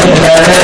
Amém.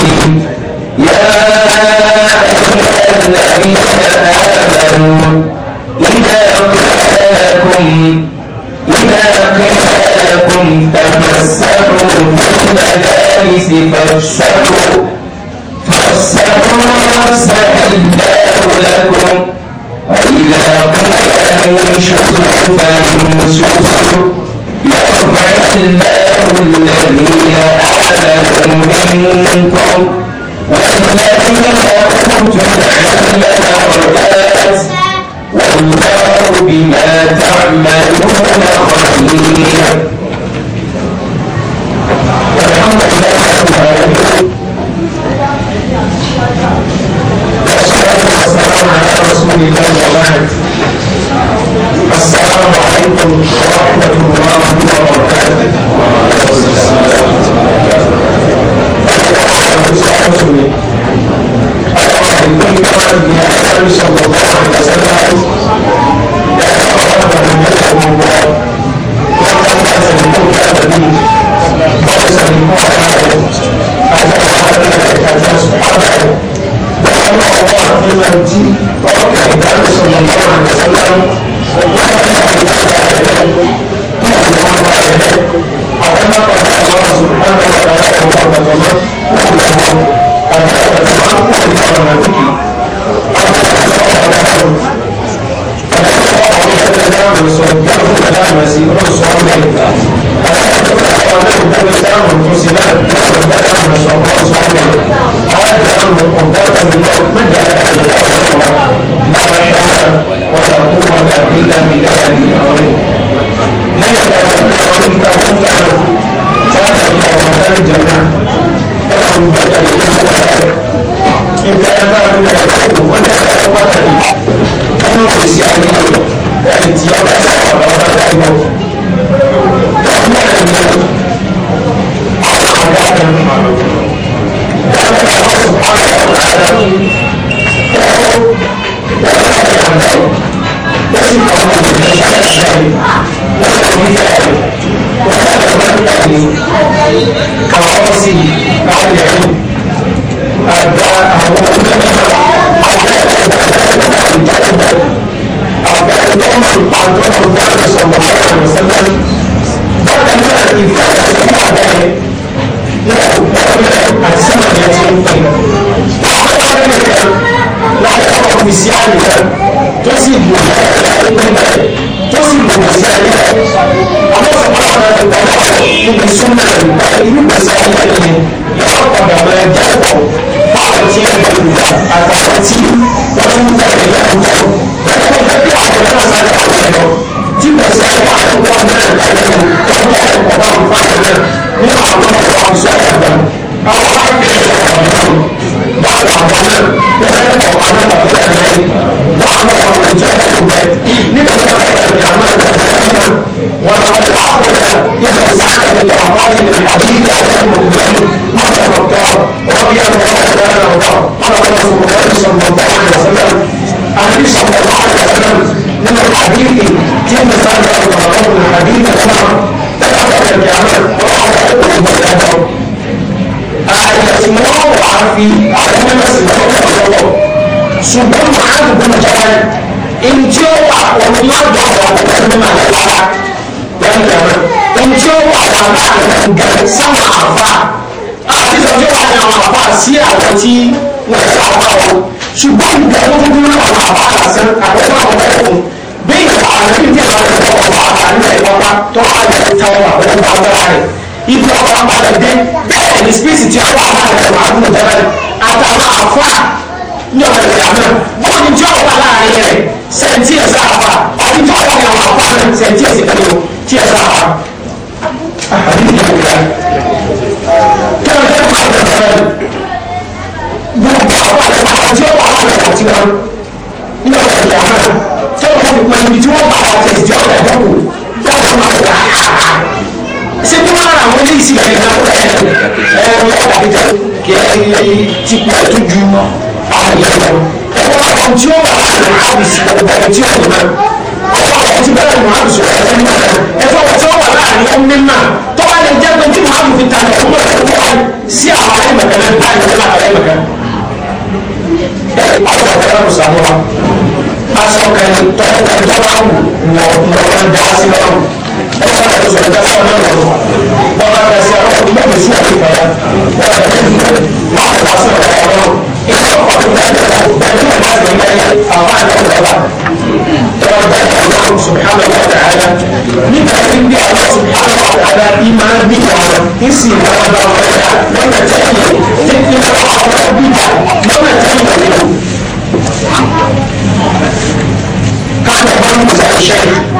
يا الذين آمنوا إذا تفسروا في فافسحوا فافسحوا فافسح الله لكم وإذا قلت أنشأوا فانشأوا الذين أحسنوا منكم والذين أخرجوا الحية والناس والله بما تعملون خبير الحمد لله رب العالمين والصلاة والسلام على رسول الله وبعد عليكم ورحمة الله وبركاته لكل فرد من وسلم وقال الله وقال من ولا قوة إلا بالله العظيم Thank you. tó bá yẹ ká wà pẹ̀lú agbára rẹ̀ ibi ọba padà dé bẹ́ẹ̀ ni space ti ọba padà wà nínú ìjọba rẹ̀ àtàwọn àfa ní ọ̀rẹ́ rẹ̀ àná wọ́n ní tí ọba láàrin rẹ̀ sẹ́ńtì ẹ̀sẹ̀ àfa àti tí ọba yàwó àfa rẹ̀ sẹ́ńtì ẹ̀sẹ̀ kan ló tí ẹ̀sẹ̀ àfa. Gbogbo àwọn àti ọba àti ọba àti ọba. ṣé bí wọ́n ra àwọn eléyìí sí ìgbà yẹn lọ́wọ́ ẹ̀ ẹ̀ ẹ̀ ọ̀dàkejì kí ẹ ti kú ẹ̀ tó ju àyè lọ. ẹ̀wọ́n àwọn tí ó wà láàrin àbùsù ọ̀gbọ̀n tí ó wà ọ̀pọ̀ àwọn tí bẹ́ẹ̀ mọ̀ àbùsù ọ̀gbọ̀n tí ó wà ẹ̀fọ́ tí ó wà láàrin ọ̀mí náà tó bá lè jẹ́ pé tí mọ̀ àbùsù ta lẹ̀ fún ọ̀gbọ̀n sí àwọn àyèmọ̀kẹ́lẹ́ báyìí lọ́la àyèmọ̀kẹ́ asọ̀kẹ́ tọ́kẹ́ tọ́kẹ́ wù lọ́wọ́ dá sí lọ́wọ́. سبحانه وتعالى nípa ẹni bí àwọn subhanahu wa ta'ala ìmọ̀ bí àwọn ìsì ìmọ̀ ọ̀dà lọ́nà tẹ́yìn ní ìmọ̀ ọ̀dà bí lọ́nà tẹ́yìn. káàkiri bá ń gbèsè àṣẹ yìí.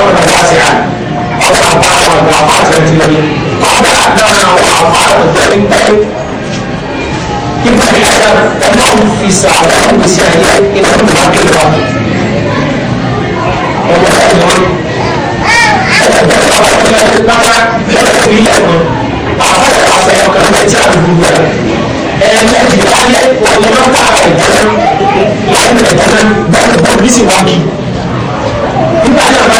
دولة الحاسي عنه حتى 14 سنتيمتر بعد دولة 14 الثاني الثالث يبقى الحساب أنهم في ساعتين مثالية يكون هذه الواقع Nígbà náà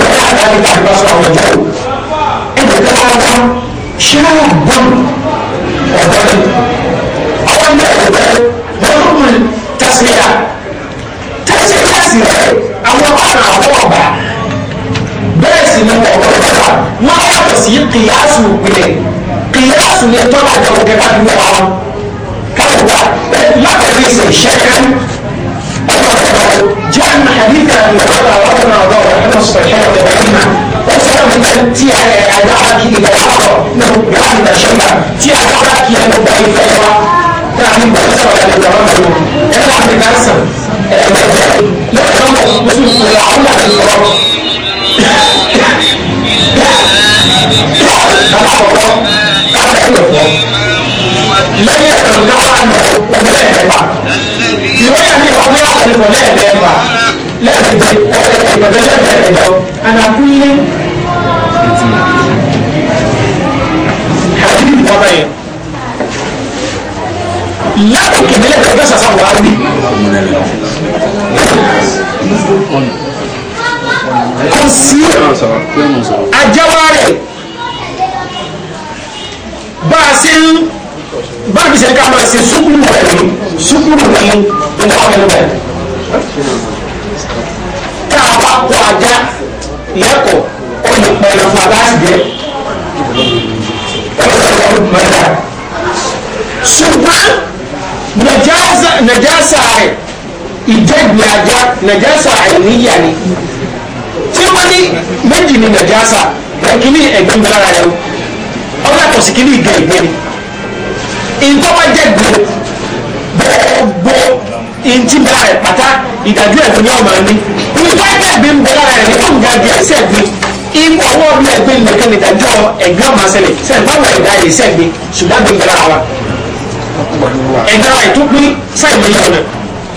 جاء ذلك البصر وجهه إذا كان شاب وبلد أول ما يقول يقول تسمية تسمية تسمية àwọn ọ̀nà àwọn ọ̀bà bẹ́ẹ̀ sì ni ọ̀rọ̀ ìjọba wọ́n yàtọ̀ sí kìyàsù ìpìlẹ̀ kìyàsù ni tọ́lá ìjọba gẹ́gẹ́ bí wọ́n káwọn wà látàrí ìṣẹ̀ṣẹ̀ kan. جعل حديثا يقال ربنا ضار احنا الصحيح والحكمة وسلام الكلام تي على عداعك إلى الحق انه جعل شمع تي على عداعك يعني ضعيف ايضا تعليم بكسر على الكرامة انا عم بكسر لا تخلص بسوس العمل في الكرامة لا يترجع عنه ولا يترجع عنه lọ́yà ní ọ̀pọ̀ àtẹ̀kọ̀ lẹ́ẹ̀mẹ́fà lẹ́ẹ̀kẹ̀sẹ̀ ọ̀pẹ̀kẹ̀kẹ̀ lẹ́ẹ̀kẹ̀jọ ànàkúnyé. àti ìwọ́n bẹ́ẹ̀ láti ìbílẹ̀ tó bẹ́ sàṣà wà á rí. kò sí ajáwá rẹ̀ bá báàgì ṣe ká máa ṣe sukuru pẹ̀lú sukuru pẹ̀lú nígbà pẹ̀lú pẹ̀lú. tá a bá kó ajá lẹ́kọ̀ọ́ ó lè pẹ̀lú fún abáàsì jẹ́ ṣùgbọ́n nàjásà rẹ̀ ìjẹ́gbẹ̀ ajá nàjásà àìníyà ni tí wọ́n ní méjì ní nàjásà ẹ̀kíní ẹ̀gbẹ́ ńlára rẹ̀ ó yàtọ̀ sí kíní ìgbẹ́ ìgbẹ́ ni ntọ́ba jẹ́ gbòó gbòó ntí bẹ́ẹ̀ rẹ̀ pátá ìdájọ́ ẹ̀fọ́ ní ọmọ mi nígbà tẹ̀gbí ń bẹ lára rẹ̀ nígbà gàdí ẹsẹ̀ gbé ìmọ̀ ọwọ́ mi ẹ̀gbẹ́ nìkan ní ìdájọ́ ẹ̀gbẹ́ ọmọ sẹlẹ̀ sẹ́yìn báwo ẹ̀dá yìí sẹ́yìn gbé ṣùgbọ́n gbé bẹ́ẹ̀ wa ẹ̀dá wa ètò pín sẹ́yìn gbé yọ̀nà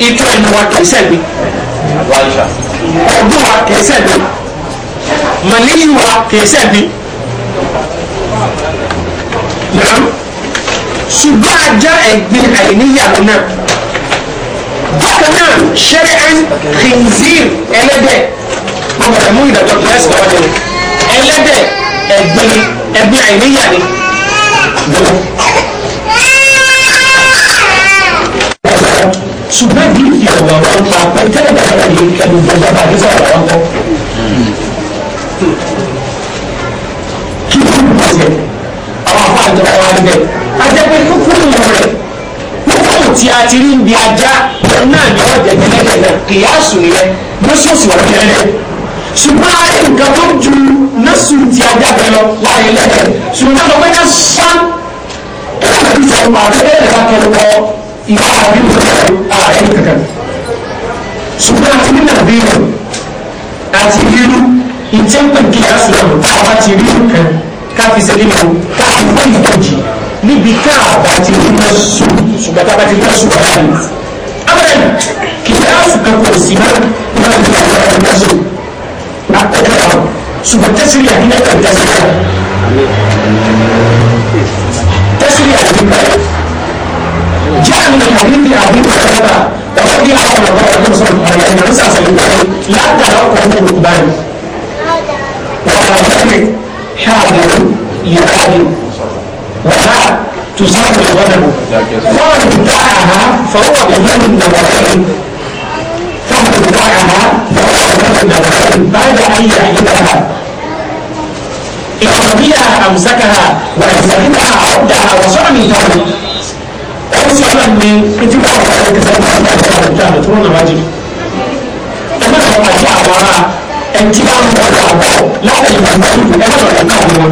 ìtọ́ ẹ̀nu wa kì í sẹ́yìn gbé ọdún wa kì í sẹ́yìn gbé màlẹ́yìn wa kì í sẹ́yìn gbé ṣùgbọ́n ajá ẹ̀gbin àìníyàwó náà bákan náà ṣẹ́rẹ́n khinzir ẹlẹ́dẹ̀ ọmọ ẹ̀mú ìdàgbọ́ tó lẹ́sìn ọ̀wọ́ jẹun ẹlẹ́dẹ̀ ẹ̀gbin ẹ̀gbin àìníyà ni. ṣùgbọ́n bí ìyàwó àwọn ọmọ ìtẹ́lẹ̀ bàbá yìí kẹ́lẹ́ ìjọba àti sọ̀rọ̀ àwọn ọkọ. kí ló ń bọ̀ sí àwọn àpá àjọ ọ̀rọ̀ àgbẹ̀ hukumu rẹ̀ hukumu tí a ti rí ń bi ajá náà ni wọ́n jẹ́ gẹ́gẹ́ náà kìyàsù nìyẹn lóṣooṣù wọ́n jẹ́ lẹ́yìn ṣùgbọ́n a rí nǹkan tó ju nọ́ọ̀sù tí ajá bẹ lọ láàyè lẹ́yìn ṣùgbọ́n lọ́wọ́ ká ṣá ìṣòro àfẹ́rẹ́ rẹ̀ lákẹ́lẹ́ kọ́ ìwà àbí ìṣòro àárín kankan ṣùgbọ́n àti nínà bí àti irú ìjẹ́pẹ̀ kìyàsù náà àwọn ti rí nǹkan káfíṣẹ́ nínú káfíṣẹ́ ìfọ̀jì níbi tá a bá ti rí náà sùn ṣùgbọ́n tá a bá ti rí náà sùn bá yà ní. abẹ́rẹ́ kì í áfù kan kò sí náà nígbà tí a bá rí náà sùn àkọ́kọ́ àwọn ṣùgbọ́n tẹ́sílì àdínlẹ̀ kan tẹ́sílì kan. tẹ́sílì àdínlẹ̀ kan jáàmù àdínlẹ̀ àdínlẹ̀ kan náà ọ̀pọ̀ bí àwọn ọ̀rọ̀ ọ̀rọ̀ sọ̀rọ̀ ọ̀rọ̀ ẹ̀yàn ló sàṣẹ̀ nípa rẹ̀ látara ọkọ̀ ọ̀rọ̀ báyìí. wọ́n á bẹ̀rẹ̀ وفعل تصاب ولده فمن دعها فهو بمن نوعين فمن دعها فهو بمن نوعين بعد أن يعيدها إن ربيها أمسكها وأزالها عبدها وصعمي له أوصلا من كتب الله كتب الله ترون واجب أما لو أجاب وراء أنت لا تقول لا تقول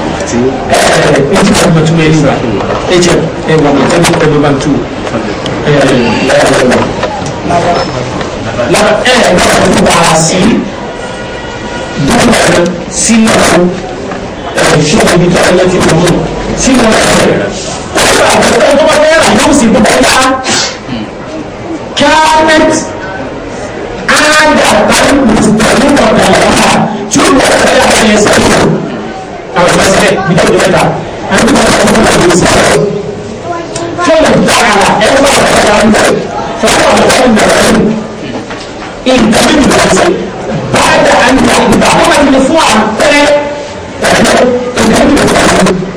ti ní. ẹ ẹ ti kọ́ ọmọ tó mẹ́rin gbà ẹ jẹ ẹ wà mọ̀ tẹ́lẹ̀ ọmọ bá ń tù ẹ ẹ lára ẹ ẹ wà sí dókítà sínú ẹ ṣé ibi tó ẹ lọ́jọ́ ìgbà mọ́ sínú ẹ ọ̀gá tó bá náírà yóò sì bọ́ bá kárẹ́t ádàbà mùsùlùmí ọ̀dà ìyá tí ó bọ̀ ọ́ ẹ̀ ẹ̀ ẹ̀ sẹ́yìn. على المسألة بجد بجد أنتم تقولون بالسبب فلن تعالى إلا تعالى فهو مكان العلم إن تمن نفسك بعد أن تعلم المفوع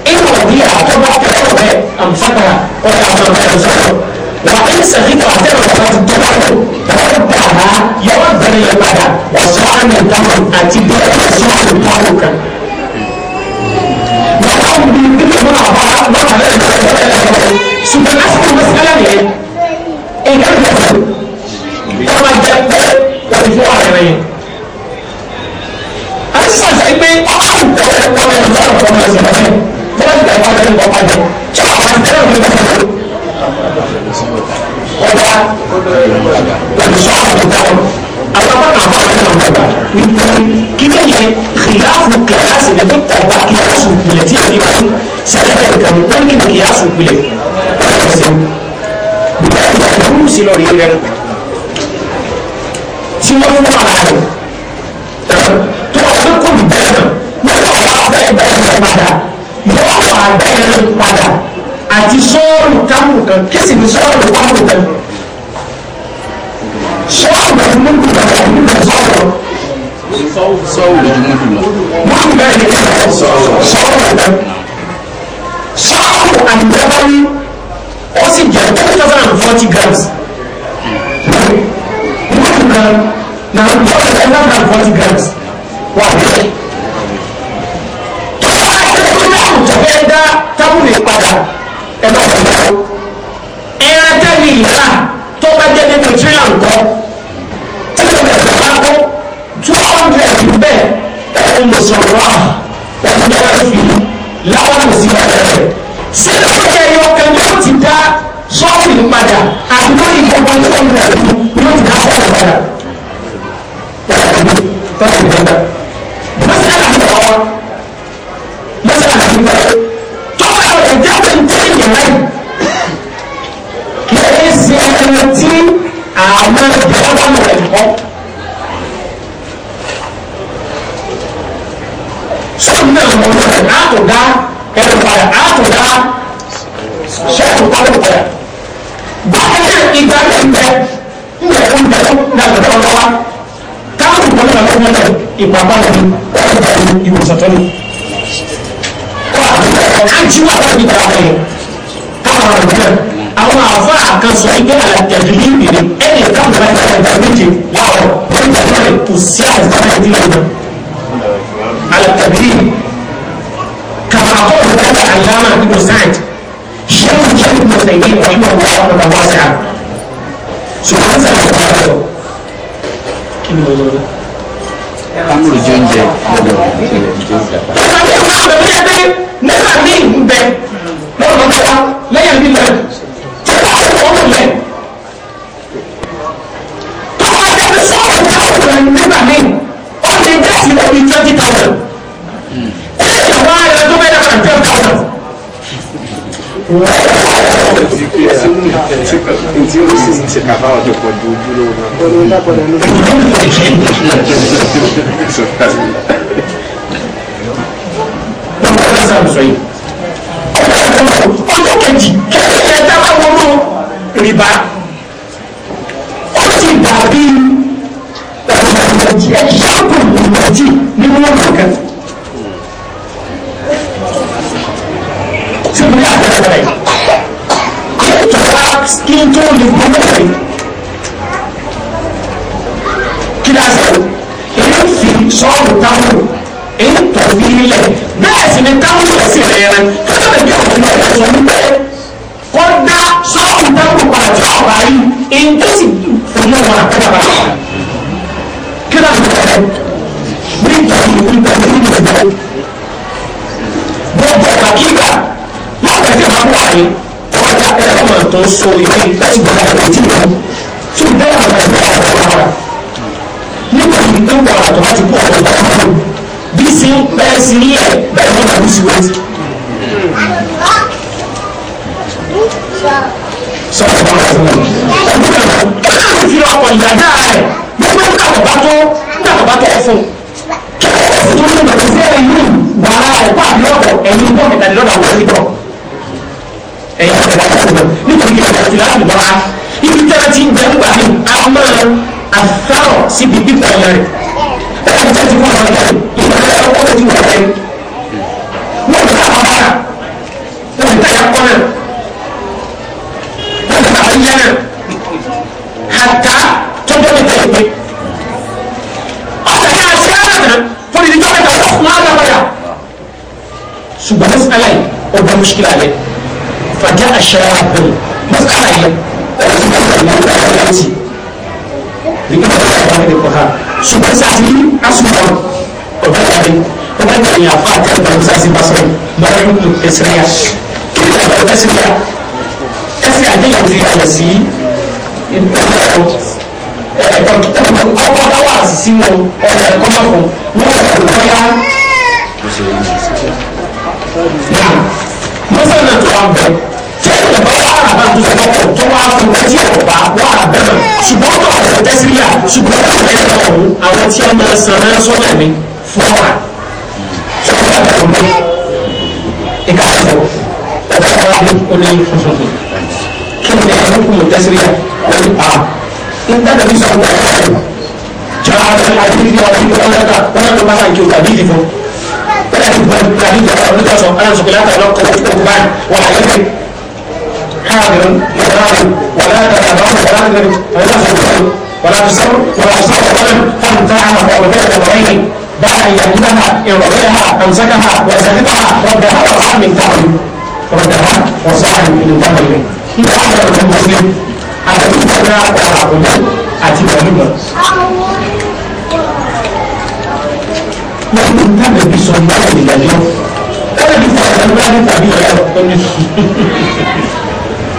إنه دي أعتبر أعتبر أمسكها وتعتبر أمسكها وإن سخيت أعتبر أعتبر تردها يرد لي المعنى وصعنا الدم أتبقى صعنا الدم الفكره مع بعض مع سوبر اسف المساله ايه ايه كده أسمع سعيد Thank you. àtàwọn àbá àti àgbàgbà wípé kí lè yẹ kìláàfù kìláàsì lẹ́gbẹ́ ọba kìláàsù ìpìlẹ̀ tí èyí wá fún sẹ́lẹ̀kẹ̀ ìdàmú pẹ́ńkì ní kìláàsù ìpìlẹ̀ ọ̀sẹ̀ ìgbàlódé lórí rẹ̀ tí wọ́n fún wa rẹ̀ tó wà pé kò ní bẹ́ẹ̀ náà wọ́n wà wá bẹ́ẹ̀ bẹ́ẹ̀ padà yóò wà bẹ́ẹ̀ padà àti sọ́ọ̀rù kámù kan kí sì ní sọ́ọ̀rù kámù kan múlùkù lọ múlùkù sọ̀rọ̀. sọ́wọ́ lójú múlùkù lọ. múlùkù bẹ́ẹ̀ ni sọ̀rọ̀ sọ̀rọ̀ lọ. sọ́wọ́ àdìgbẹ́wárí ó sì jẹ́ two thousand and forty grams. múlùkù kan na two thousand and forty grams wà bẹ́ẹ̀. tọ́lá ẹ̀kọ́ náà kò jẹ́ bẹ́ẹ̀ dá tábùlù ìpadà ẹ̀ bá wà lọ́wọ́. ẹ̀rọ tẹ́lẹ̀ ìlà tó bá jẹ́ nínú tírílà nǹkan. أم سراء تتبعت به لقد سمعت sẹ́dọ̀ ọjà yìí ọkàn ni wọ́n ti dá sọ́ọ̀fì padà àti lórí ìjọba tó ń rẹ̀ ni wọ́n ti dá sọ́ọ̀fì padà. mọ́sálà ti bọ̀ wá mọ́sálà ti bọ̀ tọ́ka ọ̀rẹ́ jáde ń tẹ́ ìyẹn láì kì í ṣe ẹni tí àwọn ìjọba náà ń bọ̀. sọ́ọ̀nù náà mọ̀ ní ọ̀rẹ́ àtúndá ẹ̀rọ padà àtúndá sọ́ọ̀nù pálọ̀ padà. bákan náà ìgbà náà ń bẹ ń bẹ fún bẹ fún dàgbàdo ọ̀dọ́ wa káwọn ìgbà náà fún mọ́tò ìpàpá náà ní ìwòsàn tó ní. kọ́ àjíwá wà ní ìgbà wọ̀nyí káwọn ọ̀rọ̀ náà àwọn àfa àkànṣe ẹgbẹ́ àtẹ̀lẹ́yìn ìrìn ẹnì káwọn ọ̀rọ̀ náà méje wà ọ̀ القديم كما أقول ذلك علامة ابن سعد شيخ الشيخ ابن تيمية رحمه الله رحمة واسعة سبحان الله وبركاته كم الموضوع ده؟ amúlù jẹ oúnjẹ lọ́dọ̀ nígbà míì ń bẹ lọ́dọ̀ tó wá lẹ́yìn bí lẹ́yìn tí wọ́n wọ́n lẹ̀ tó wá jẹ́ sọ́ọ̀rọ̀ táwọn ọ̀rọ̀ nígbà míì sí ẹbí twenty thousand ẹ̀ẹ́dẹ̀ wá ẹ̀rọ tó bẹ́ẹ̀ dàgbà ten thousand. Ntí o sì ṣe kàbá ọjọ́ pọ̀ ju ojú lówó náà. Olú ń dápọ̀ lẹ́nu. Báwo ni sáà sọ yìí? Ọjọ́ kejì kẹ́kẹ́ dábàá wọnú rìbá. Ó sì ìdọ̀tí ẹ ṣàkó ìdọ̀tí nínú ọ̀nà kan. tí mo ní àtẹ̀wé rẹ̀ ètò kí n tó lè gbọ́ mẹ́rin kí ni a sọ nígbà nígbà nígbà nígbà gbogbo àkíkà láti ẹsẹ̀ máa wà ní ọjà ẹ̀rọ tó ń so ìwé láti gbà láti ti wà tí ìgbà yà wà ní ọjà wà nígbà nígbà wà tó láti kó ọjà wà bí sí bẹ́ẹ̀ sí ní ẹ̀ bẹ́ẹ̀ ní ọjà lùsí wọ́n. sọ́kà bá wà fún mi ẹ̀dùn kan kí ló ń fi ọkọ̀ ìyá dáa rẹ̀ gbogbo ìgbà tó bá tó ìgbà tó bá tó fún un wọ́n ní ìgbà tí sí ẹ̀yìn wàrà ẹ̀kọ́ àbí ọ̀pọ̀ ẹ̀yìn bọ́ mẹ́ta ní lọ́dà wọlé tọ̀ ẹ̀yìn ìgbà tí wọ́n nítorí ìgbà tí láàbù wá ibi tẹ́lẹ̀ ti ń jẹ́ ń gbà ní àmọ́ àfẹ́rọ̀ síbi pípa ẹ̀yà rẹ̀ bẹ́ẹ̀ ni tẹ́tí fún àwọn ọ̀gá ìgbà tí wọ́n ti wọ̀ ẹ̀ wọ́n ti mushkila lẹ fàjà àṣà àbùn mọ́sálà yẹ ọ̀sùn mọ́sálà yẹ ọ̀sùn ti nígbà tó bá wà lẹ́kọ̀ọ́ ha ṣùgbọ́n sàtì asùnwọ̀n ọ̀bẹ tàbí ọ̀bẹ tàbí àfa àti àgbàdo sàtì bá sọ̀rọ̀ mọ́ra yóò tó ẹsẹ̀ yá kí ni àgbàdo ẹsẹ̀ yá ẹsẹ̀ àdéhùn ti yàtọ̀ sí ọkọ̀dá wà sí wọn ọ̀rẹ́ ẹ̀kọ́ mọ̀kàn wọ́n mọ́sálà tó wà bẹ̀ tí ẹ̀yìn bá wà àbá tó sọ pọ̀ tó wà fún tí ẹ̀ bá wà bẹ̀ mọ̀ ṣùgbọ́n tó ọ̀sẹ̀ tẹ́sílẹ̀ ṣùgbọ́n tó ọ̀sẹ̀ tẹ́sílẹ̀ ọ̀hún àwọn tí a máa san náà sọ́nà mi fún wa ṣùgbọ́n tó ọ̀sẹ̀ mi ìka àtọ̀ ọ̀sẹ̀ wa ní oní funfun kí ni ẹ̀yìn kún mọ̀ tẹ́sílẹ̀ ọ̀hún à ń dábẹ̀ bí sọ̀rọ̀ jọ̀ọ́ àti àti ìdí ọ̀sẹ̀ ìdí ọ̀sẹ̀ اتاكد من كاميكا كاميكا انا شوكولاته علاقه بعد وحاجات حاضر يراقب ولا تتبعه ولا تتبعه ولا تصبر ولا تصبر فان تعلم وبدأت وعيه بعد ان يهدمها يرضيها امسكها واسلمها ردها وصاع من تعب ردها وصاع من تعب اليه هذا المسلم حتى تبدا وعقوله اتي بلغه lẹ́yìn tí a lè sọ ìyá ìdájọ́ lẹ́yìn tí a lè bá ní tàbí ìyá ọ̀tọ́ni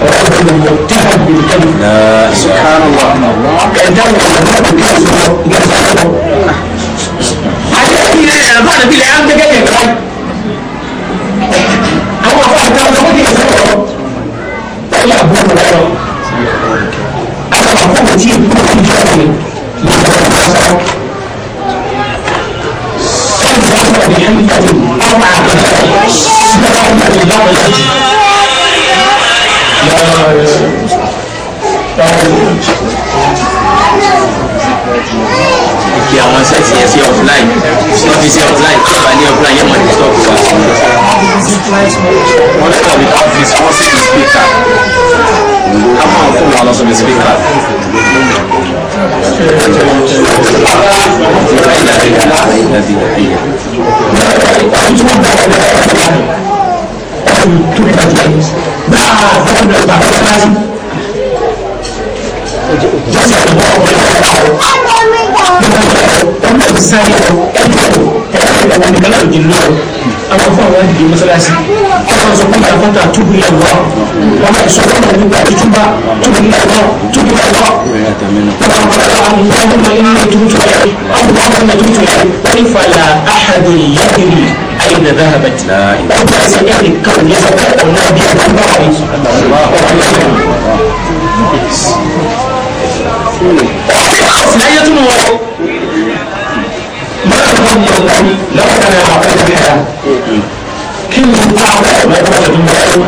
ọ̀rọ̀ mọ̀tàbí ìdájọ́ ẹ̀dá wọ̀nyí láti kí a sọ ìyá sọ. ayé ilé ẹ̀rọ àti ilé àgbẹ̀gẹ̀ yẹn kan àwọn àwọn àti àwọn ọmọdé yẹn sọ̀rọ̀ pẹ̀lú àbúrò rẹ̀ lọ. àwọn àbúrò tí ìbúrò ti jẹ́ ọ̀rẹ́ ìyá ọ̀rẹ́ thân tình ông bà của thầy nó không phải nó phải thật rồi rồi fi àwọn sẹ́ẹ̀tì yẹn sí offline tí wọ́n fi sí offline tí wọ́n bá ní offline yẹn mọ̀ ní stop wa. wọ́n lè kọ́ mi kọ́ fi wọ́n sì fi spíkà ká máa fún wa lọ́sọ̀ mi spíkà. Thank you jọ́sẹ̀ tó bọ́ ọ̀gbẹ́ ọ̀gbẹ́ ọ̀gbẹ́ sáré ẹ̀dùn ẹ̀dùn ẹ̀dùn ìgbàlá òjì lọ àwọn fún àwọn ìdílé mọ́sálásí ọ̀sán sọ fún àwọn fúnta tóbi yẹn wọ́ wọn náà sọ fún àwọn nígbà tuntun bá tóbi yẹn wọ́ tóbi yẹn wọ́ أين ذهبت لا سيأتي الكون يتكلم بها الله سنية موافق ما تكون لو كان يعتقد بها كلمة صعبة ما تكون موافق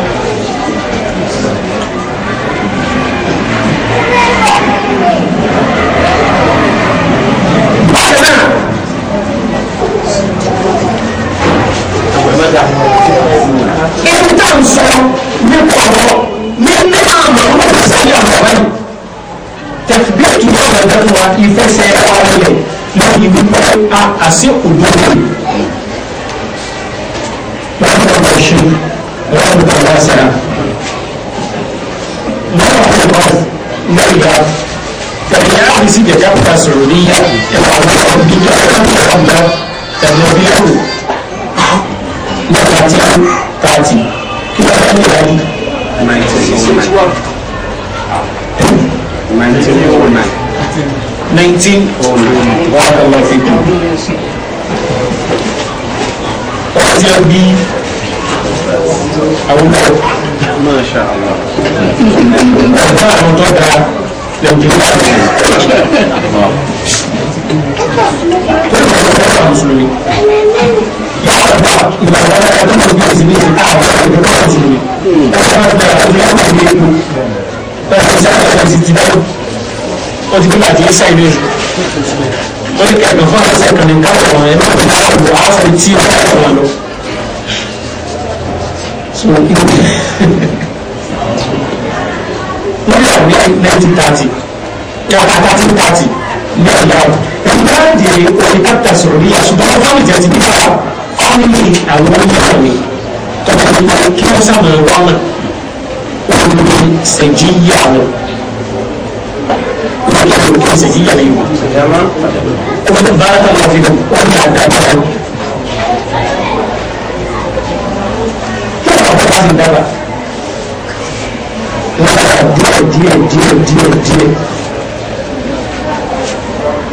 Então, só, meu povo, meu amor, meu Senhor, kankan wa ìfẹsẹ̀ ọ̀rẹ́ lórí wípé a àṣẹ òdodo lọ́wọ́ ọ̀rọ̀ ṣe lọ́wọ́ ọ̀rọ̀ ṣẹlá lọ́wọ́ ọ̀rọ̀ lọ́yà tẹ̀lé àbísí gẹ̀gẹ́ pàtà sọ̀rọ̀ ní ẹ̀wà ọ̀rọ̀ gíga ọ̀gá tẹ̀lé ọ̀bí ẹ̀rọ lọ́wọ́ àti tààtì kí wọ́n fẹ́ lè wáyé. 1901. 1901 nineteen wàhálà fíkù ọtí ẹbí àwùjọ máṣá ọtá àwọn tó da lẹ́yìn tó wà mùsùlùmí ìgbàgbọ́ ọdún tó bí èsì ní ìgbà àwọn ọdún tó mùsùlùmí ọtí àwọn tó da ọdún tó bí èsì ní ìgbà àwọn ọdún tó mùsùlùmí ọtí àwọn tó da ọdún tó bí èsì ní ìgbà àwọn ọdún tó mùsùlùmí ó ti kíkà tí ó sẹ́yìn ní ìlú ó ní kẹ́kọ̀ọ́ fún àwọn sẹ́yìn ní káàkiri ẹ̀ máa ń bọ̀ àwọn fi tí ó kẹ́kọ̀ọ́ wọn lọ. so wọ́n yà ní nineteen thirty yà á thirteen thirty ní ọ̀la ìgbàdì oníkàtà sọ̀rọ̀ ní àṣùgbọ́n fáwọn ìjà ti nípa fámìlì àwọn oníyàwó mi tọ́ka nípa kí wọ́n sábà wọ́n mọ̀ òun ní sẹ̀jí yà wọ́n wani abu da sai jiya ne yi wani baraka ma fi wani da da da kira ba ta da ba wani diya diya diya diya diya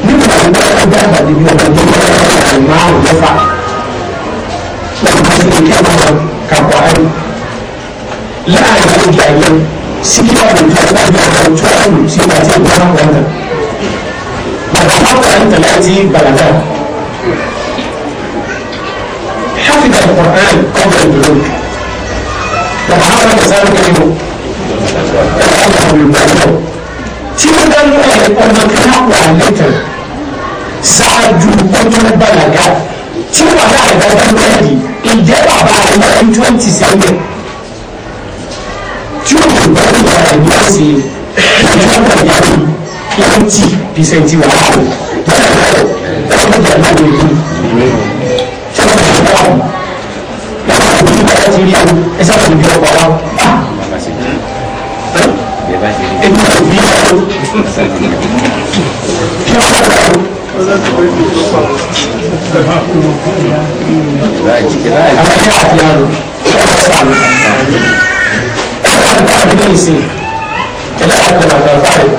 ni ba ta da ba da ba da biyu da da ma'amu da fa da ba 希腊人在外面很传统，希腊教当官的，把他们的来自本 حفظ القرآن قبل البلوغ وعرف ذلك اليوم تيدا ọmọ kan wà lẹ́tọ̀ ṣáájú kó tó bàlágà tí wàhálà ìdájọ́ rẹ̀ yìí ìjẹ́ bàbá rẹ̀ ní twenty seven tí ó kù bá nígbà ẹ̀mí àti ìjọba ìyàwó twenty percent wà á kó ọ̀sán ìjà náà lè kú. ṣọ́ọ̀bù ìjọba ọ̀hún làwọn kò ní bá ti rí o ẹ sábà níbi ọkọ̀ wa. èmi kò bí ìyàwó kí ọkọ̀ rẹ̀ o. Right, hadisi kada a kana ta fare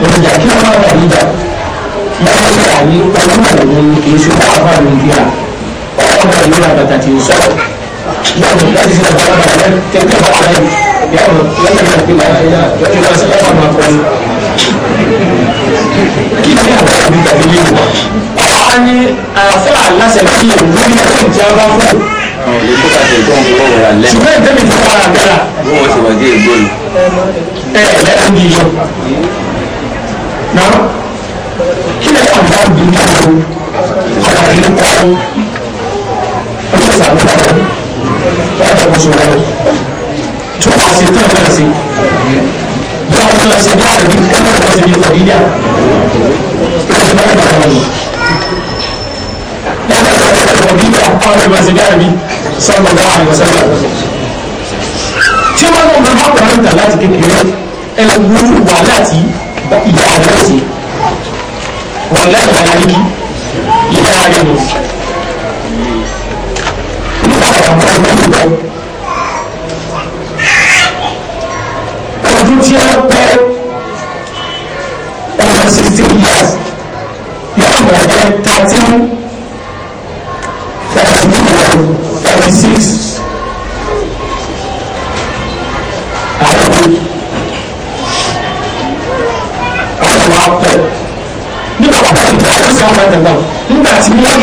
wani da kina ma da rida ya yi tsari ɓangaren da ne ke shi ba a fara nufiya ba a kuma yi na bata ce so ya mu ya ji da ba da ya ta ta ba ai ya mu ya ta ta ba ya ya ta ba sai ya ma ko ki ne a wani da ne ne ba ani a fa Allah sai ki ruwa ta ba ko ṣùgbọ́n ìdẹ́mi ti fara àgbára. bí wọ́n ṣe wà dé ègbò yìí. ẹ ẹ lẹ́sìn yìí yọ. náà kí lè kàn bá dùn ní ìlú ọ̀gá ìlú kọ́kọ́ ọjọ́ sàmì kọ́kọ́ ọjọ́ kọ́sọ̀ wọ́n tó wọ́n ṣe tó wọ́n ṣe bá wọ́n tó ṣe bá wọ́n ṣe bí wọ́n ṣe bí kọ̀ọ̀dí yá kíkà kọ́ni bá sọ́nà bá àyè ọdún tí wọ́n pẹ́ ọmọ sixteen years yóò wọ̀ ẹ́ thirteen. ninety six àyẹ̀wò àwọn ọ̀pọ̀ nígbà wà pẹ̀lú ìgbà tí wọ́n sá máa dàgbà nígbà tí wọ́n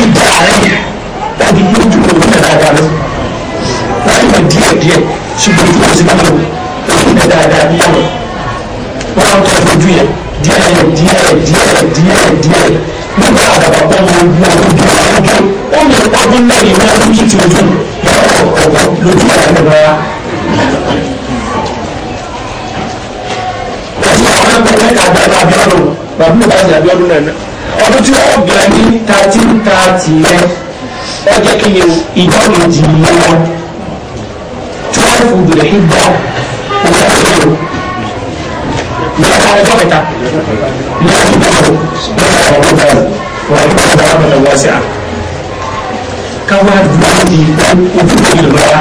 rárá.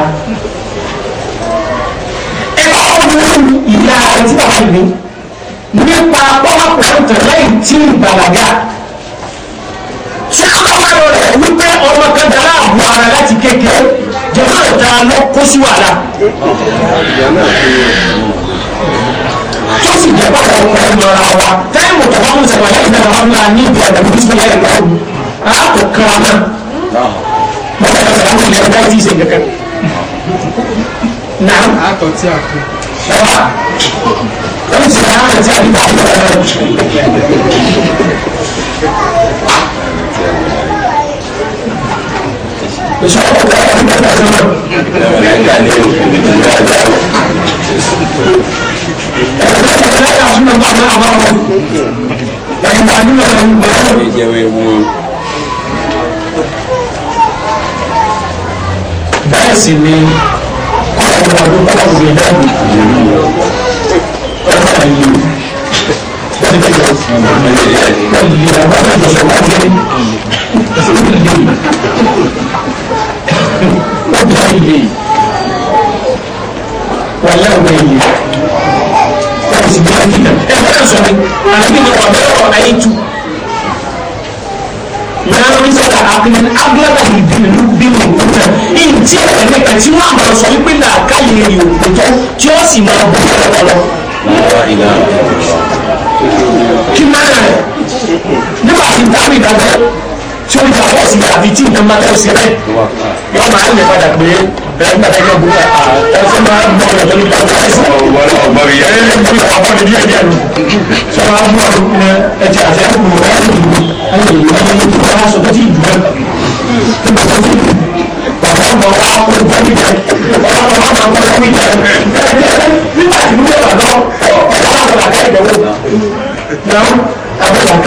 ẹ̀kọ́ ọdún ìyá ẹtí bàbá mi nípa pọ́npọ́n tẹ̀lẹ́yìn tí ìgbàlagbà ṣé kọ́kọ́rọ́ rẹ̀ wípé ọmọ kan dára àbú ara láti kékeré jẹ́fọ́ ìta lọ kó sí wàhálà. tó sì jẹ́ bàtà ọmọ ẹ̀ lọ́ra wa táìmù tó bá ń sẹ̀wọ̀n láti náà wọ́n máa ní ìdí ẹ̀dá bí sílẹ̀ ẹ̀dá ọ̀hún. a kò kan náà. wọ́n fẹ́ẹ́ sọ̀rọ̀ àwọn ìlẹ̀ ẹ̀dá ìdí ìṣèǹkẹ̀kẹ̀. نعم أعطيتي Ìjẹ̀wé wo bẹ́ẹ̀ sì ni ọ̀pọ̀ ọdún kọ́ọ̀bù rẹ̀ náà ní ìlú ọ̀pọ̀ ẹ̀yìn wàlẹ́ ọ̀rẹ́ yìí ọ̀sìn bí wọ́n ti bẹ̀rẹ̀ ẹ̀ bẹ́ẹ̀ sọ̀rọ̀ àbí ọ̀bẹ́ ọ̀ ayé tu bẹ̀rẹ̀ sọ̀rọ̀ àpinnu agbára ìdílé ló bí mi kú náà ìyìn tí ẹ̀rẹ̀ mẹ́ka tí wọ́n àmọ́ sọ wípé làákàyè rẹ̀ ò o tó tí ó sì máa bọ́ ọ̀pọ̀lọ. kí máa rẹ̀ nígbà tí dábì ìdájọ́ tí ó yà bọ́ọ̀sì àbí tí nǹkan bá tó ṣe rẹ̀ yọ máa ń lè padà pé Não, a verdade é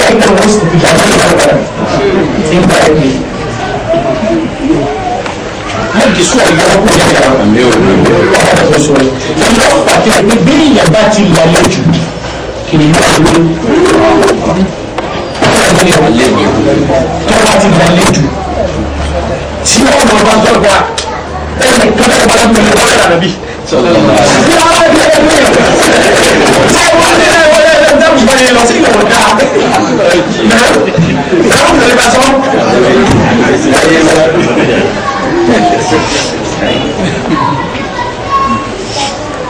que eu gosto de fazer ìgbéyìí bá ti lálẹ́ jù kì í lọ́wọ́ tọ́wọ́ ti lálẹ́ jù tí wọ́n bá dọ́gba ẹni tó dọ́gba lọ́wọ́ ní ọ̀rẹ́ ànábì. Thank you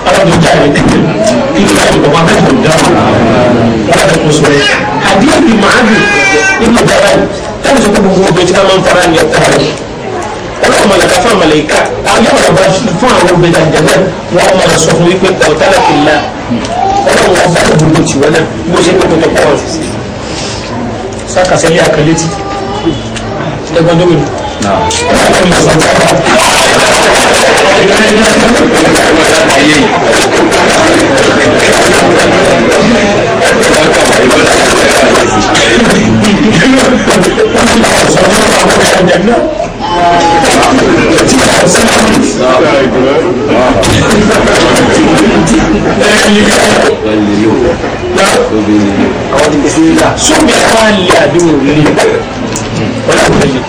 alábòjá yẹn kìtì kìtì láti bọ̀ bàbá ìbò dáhùn láti kó sọ yẹn àdéhùn ni màá bì nínú dára yìí táwọn sọ pé gbogbo ọgbẹ tí a máa ń fara ní ọkọ rẹ ọlọ́run mọ̀lẹ́ka fún àmàlẹ́ka ayọ̀rọ̀ bá fún àwọn ọgbẹ dàjẹ́ náà wọ́n máa sọ fún wípé ọ̀tálà kìlá ọlọ́run wọn bá gbogbo tiwọn náà bó ṣe pépé tó pọ̀ sákàsẹ́lẹ̀ àkàlẹ́tì ẹgbẹ́ dómìnà. شو بيحصل لي عدو لي ولا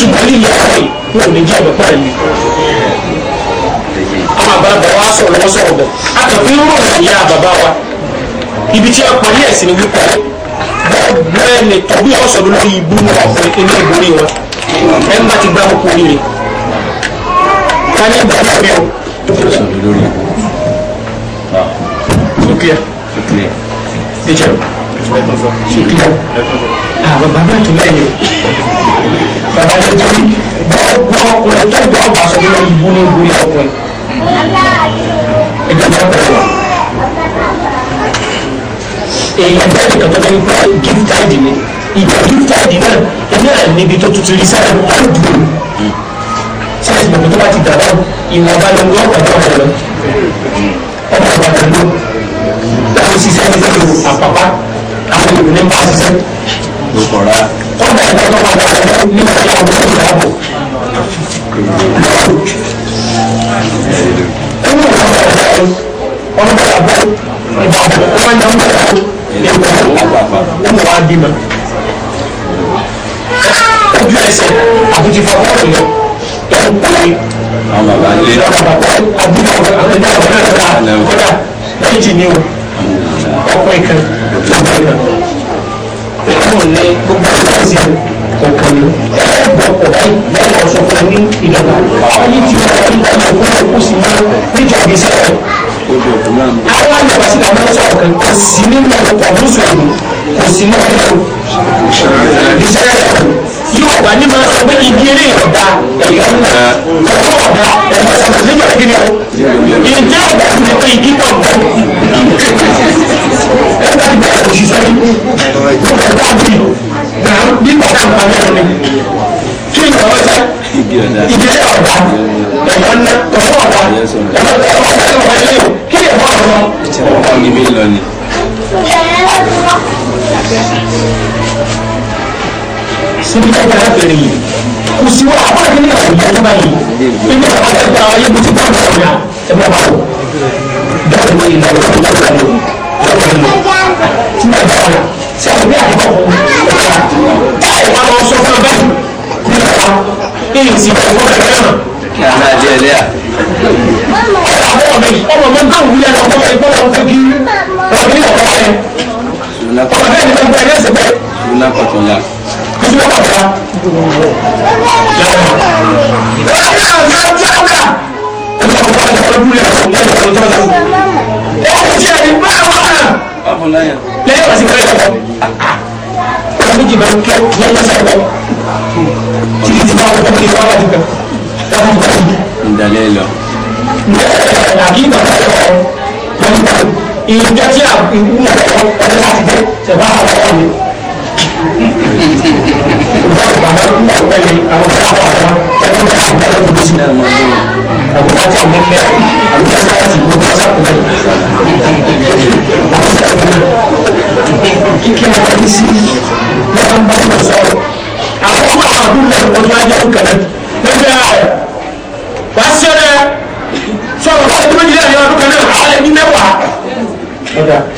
ṣùgbọ́n lílẹ̀ ní kò ní jẹ́ ọ̀dọ̀ pẹ̀lú mi. àwọn àgbàlagbà wa sọ̀rọ̀ wọ́n sọ̀rọ̀ bọ̀ akọ̀fin ń rò ìyá bàbá wa ibi tí ọkọ̀ ní ẹ̀sìn wípé bẹ́ẹ̀ ni tọ́bí ọ̀sọ̀ ló fi ibú ní ọkùnrin inú ìborí wọn ẹ̀ ń bá ti gbá gbogbo rí rẹ̀ ká ní ìgbà tó rí o. sókè ah bàbá bá tó lẹ́yìn bàbá tó ti rí bọ́ọ̀ ọkùnrin tó gbọ́ ọgbà sọ nínú ìbú ní ìbú ọkùnrin ẹgbẹ́ náà pẹ̀lú èèyàn bẹ́ẹ̀ nìkan tó ní pé ni ìgbà gíftàdì náà ẹni náà níbi tó tuntun rí sáré ọdún sẹ́ẹ̀sì gbogbo tó bá ti dàgbà ìwọ̀nba ló ń lọ́ ọ̀dọ́ ọ̀dọ́ ọmọ ọ̀dọ́ ọ̀dọ́ láti ṣiṣẹ́ kọ́dà ìgbà tó wà láti ní ìgbà tó wà láti ẹni ìgbà tó wà láti ọ̀n bá yà bá ìgbà tó wà ní ọ̀n bá yà tó ìgbà tó wà wà bí ma ojú ẹsẹ̀ àbújí fún ọkọ̀ ọ̀sùn lọ tó kú ní àwọn bàbá ilé àbújí fún ọkọ̀ ọ̀sùn lọ kọ́dà lẹ́yìn tí ni o ọkọ̀ ìkan ọkọ̀ ìkan fún ní gbogbo ìgbésẹ̀ kọ̀ọ̀kan ní ọ̀pọ̀ kí lẹ́yìn ọ̀sọ̀ fún ní ìjọba ayé tí ó ń bá ìjọba òkú sí ní níjọba ìgbésẹ̀ rẹ̀. àwọn àgbà sí àwọn ọ̀sọ̀ kan kò sí nínú ọ̀pọ̀ mùsùlùmí kò sí nínú ìṣẹ̀lẹ̀ yóò wà ní máa sọ pé igi eré ìrọ̀dá ẹ̀yọ́ ńlá ọ̀dà ẹ̀fọ́ sọ̀rọ̀ nígbà gíní o ìjẹ́ ọ̀dà ti pé igi pọ̀ ẹgbẹ́ ìgbà òṣìṣẹ́ yìí kó fẹ́ dá bí nà bí bàtà ń parí ẹni kí ni ọ̀rọ̀ ṣe ìdílé ọ̀dà ẹ̀yọ́ ńlá ọ̀fọ́ ọ̀dà ẹ̀rọ ẹ̀rọ ẹ̀rọ ẹ̀rọ ẹ̀rọ kí ni ẹ̀fọ́ ọ̀rọ̀. ọ̀pọ̀ ni mi lọ ni. síbi ká gbára pèrè yìí kò sí wá àwọn akíní àgbègbè ọ̀gbọ́n báyìí nígbà tó bá tẹ̀ gba ayé bó ti bá ọ̀rọ̀ yà ẹ̀ bá wà àti ìwé ìlà ìlà ìlà ìlò ìlò ìlò ṣé àbí àdìgbò báyìí wà lọ sọ fún abẹ́ nípa èyí sì kọ́ ọ̀rẹ́ náà. kí a máa jẹ ilé à. ọmọ mi ọmọ mi bá wúlẹ̀ lọ fún ẹgbẹ́ wọn fún kí ọmọ mi lọ fún ẹ. ọmọ bẹ́ẹ̀ ni ọgbẹ́ ẹ̀ ṣe bẹ́ẹ̀. luna kọ̀tún la. luna kọ̀tún la. yàrá lẹ́yìn ọ̀sìn kẹrẹ́ ọ̀sìn ọ̀sìn méjì bá ń kẹ́ lẹ́yìn ọ̀sìn kẹrẹ́ títí tí wọ́n kọ́ kí wọ́n wà níbẹ̀ wọ́n mú kí. ǹdàlẹ́ lọ. àbí ìgbà tó kọ́ ọ́ ìjọ tí àwọn ìwúlò ọ̀sẹ̀ láti dé ṣẹ̀fà àwọn ọ̀rọ̀ mi. Thank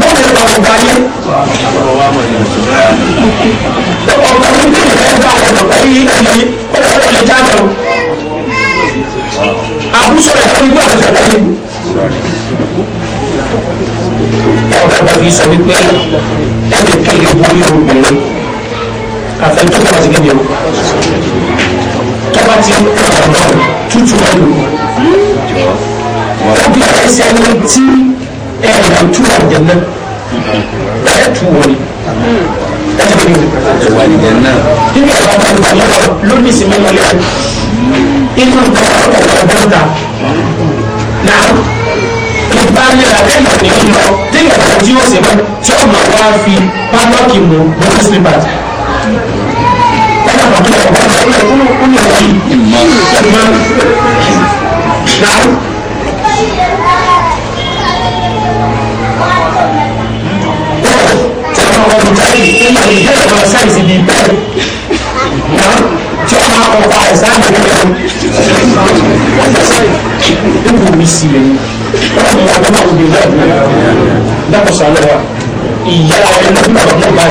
bọ́ọ̀lù ẹ̀ka ọ̀gá yẹn. ọ̀gá yẹn ti rẹ̀ bá ọ̀gá pẹ̀lú ìyí ọ̀gá yẹn já lọ. àbúṣọ rẹ̀ fún igbó àtúnṣe rẹ̀ yìí. ọ̀gá bá sọ wípé ẹni kéde borí obìnrin kàfẹ́ tó bá ti kéde o tó ti kàfẹ́ náà tútù ó bí ẹsẹ̀ ní tí ẹ ẹ kò tú àjẹ náà ẹ tú wọlé ẹ ti fi ẹwà àjẹ náà. nínú ẹ̀rọ àgbàdo àlọ́ lónìí sí mímọ́ lẹ́kọ̀ọ́ inú ìgbàlódé ọ̀gbọ́n ta náà ìgbà nira lẹ́nu ní mímọ́ dínà tí ó sì mọ́ tí ó máa wá fi pálọ́ọ̀kì mú bọ́ọ̀lù slippers ìmọ̀ ìmọ̀ náà. báyìí ìjọ ìjọba sáyẹ̀nsì bíi bẹ́ẹ̀ náà tí ó máa kọ fa ẹ̀sáàmù rẹ̀ ẹ̀kú mi sí lẹ́yìn ọ̀hún ọ̀hún ọ̀hún ọ̀hún ọ̀hún dákọ̀ sálẹ̀ wa ìyá ẹni tó bá wọn bá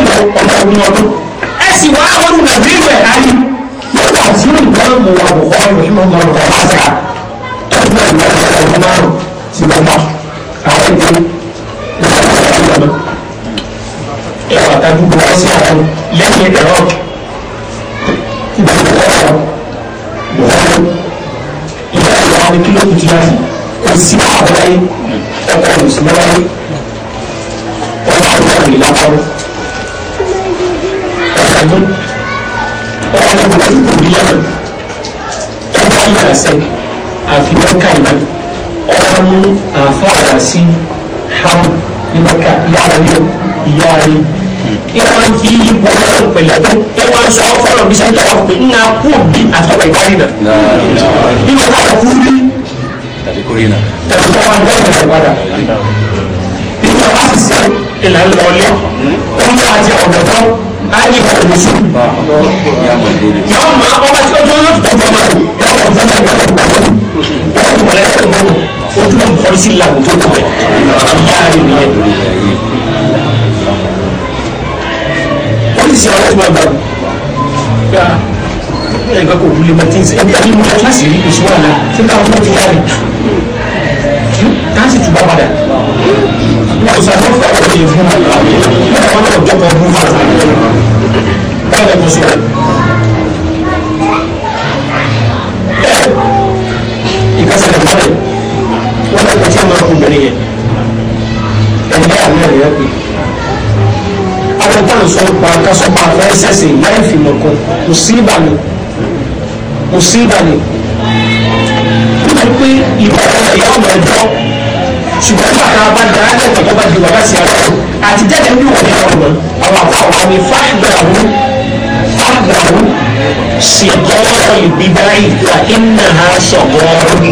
mẹ́rin ọ̀gbìn ọdún ẹ sì wá wọn nà bí ìwẹ̀ ayé nígbà tí ó nǹkan mú wa bọ̀ ọ́ ní ìmọ̀ ọmọ ọ̀gá ọ̀gá tó ń bá ìwà ọ̀gá márùn ti lọ mọ́ àwọn ètò ìwà ẹ̀wà tàdúgbò wá sí àwọn lẹ́yìn ẹ̀rọ ìgbàlódé ọ̀gá bọ̀ọ́lù ìgbàlódé ọ̀gá ni kí ló kù ti láti kò sí àwọn ayé ọkọ̀ òṣèlú ayé. ìlà ń kọ́lé ń bá àti ọ̀dọ̀tọ́ ayé ìfọ̀dù sí. yọ̀ọ́ máa ọba tí ọjọ́ yóò tó tọ́ máa yọ̀ọ́ kọ́ fún ọjọ́ ìgbàlẹ̀ tó mú ojú ń kọ́ sí làwùjọ tó bẹ̀ ìyá rẹ̀ nìyẹn. polisi àwọn ọ̀rẹ́ ti máa gbà ẹ̀ ẹ̀ gbà kó wuli ma ti ń sẹ́ ẹ̀ bí a ti mú ẹ̀ kíláàsì kò sí wàhálà ṣé káwọn ká sì túbọ̀ padà wọn sọ fún fún ọ̀rọ̀ yìí fún wọn wọn lọ jọ kan fún fún wọn lọ kó sọ. ìkásílẹ̀ ń bọ̀rẹ̀ wọn lọ kó tí wọn kún bẹ̀rẹ̀ yẹn ẹ̀yìn àwọn ẹ̀rọ yẹn pé àwọn táwọn sọ pa kásọpá fẹ́ sẹ̀sẹ̀ láì fìmọ̀ kan kò sí ìbànú kò sí ìbànú nítorí pé ìbànú ìṣẹ̀lẹ̀ yọ ọmọ ẹjọ́ ṣùgbọ́n nígbà tá a bá dá ẹ̀ tó bá di wàhálà sí ara rẹ̀ àti jáde ní ìwọ̀n ní ọmọ àwọn àfọwọ́ àwọn ìfáàgbàwò fáàgbàwò sì gọ́ọ̀rọ̀ ìbídá ìgbà iná ha sọ gọ́ọ̀rọ̀ ni.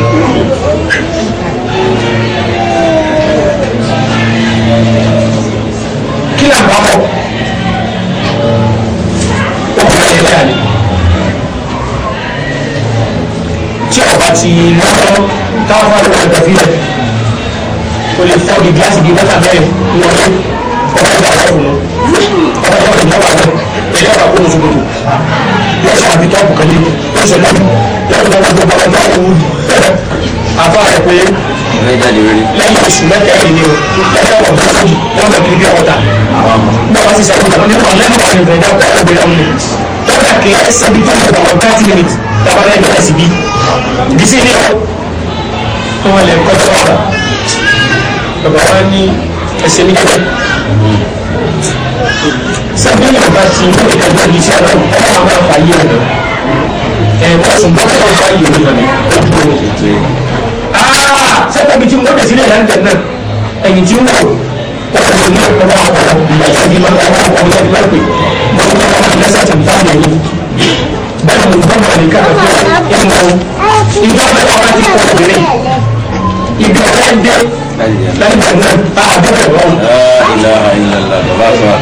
kí ni àwọn akọ ọkùnrin ẹ̀ka tí ọba ti lọ́wọ́ táwọn wà lórí ọ̀gá sílẹ̀ de lè de di gíláàsì di mẹ́ta mẹ́rin ní ọdún o lẹ́yìn ọ̀gá ìgbà wọ́n lọ kiri bí ọ̀tá bọ́ọ̀ sì sọ̀rọ̀ ìgbà nínú ọ̀lẹ́nu ọ̀rẹ́ ìgbà ìdáwọ̀ ọ̀gbẹ̀ ọ̀gbẹ̀ lọ́dà kì í ẹ̀sẹ̀ bí tó wọn lè kọ́ sọ́kà bàbá wa ní ẹsẹ̀ ní kíkọ́ sẹ́yìn bàbá ti ń bẹ̀rẹ̀ ẹgbẹ́ ní iṣẹ́ náà wọ́n máa fà yé ọ̀dọ̀ ẹ̀ bọ́sùn bọ́sùn bá yé omi lọ́nà sẹ́yìn bíi tí mo dẹ̀ sílẹ̀ láńtẹ̀ náà ẹ̀yìn tí ó wọ̀ ọ̀sẹ̀ tó ní ọ̀pọ̀ àwọn ọ̀pọ̀ ìṣẹ́yìn máa ń wọ́n ọ̀pọ̀ ìṣẹ́yìn máa ń pè mo ní ọ̀pọ̀ ìṣẹ́yìn máa ń pè báyìí mo gbọ́dọ̀ ìjọba ẹ̀kọ́ láti kọ́ ìpínlẹ̀ ìgbà ẹ̀dẹ́ lẹ́yìn tẹ̀lé bá a bẹ̀rẹ̀ lọ́wọ́. ilà ilà ilà bàbá àgbà.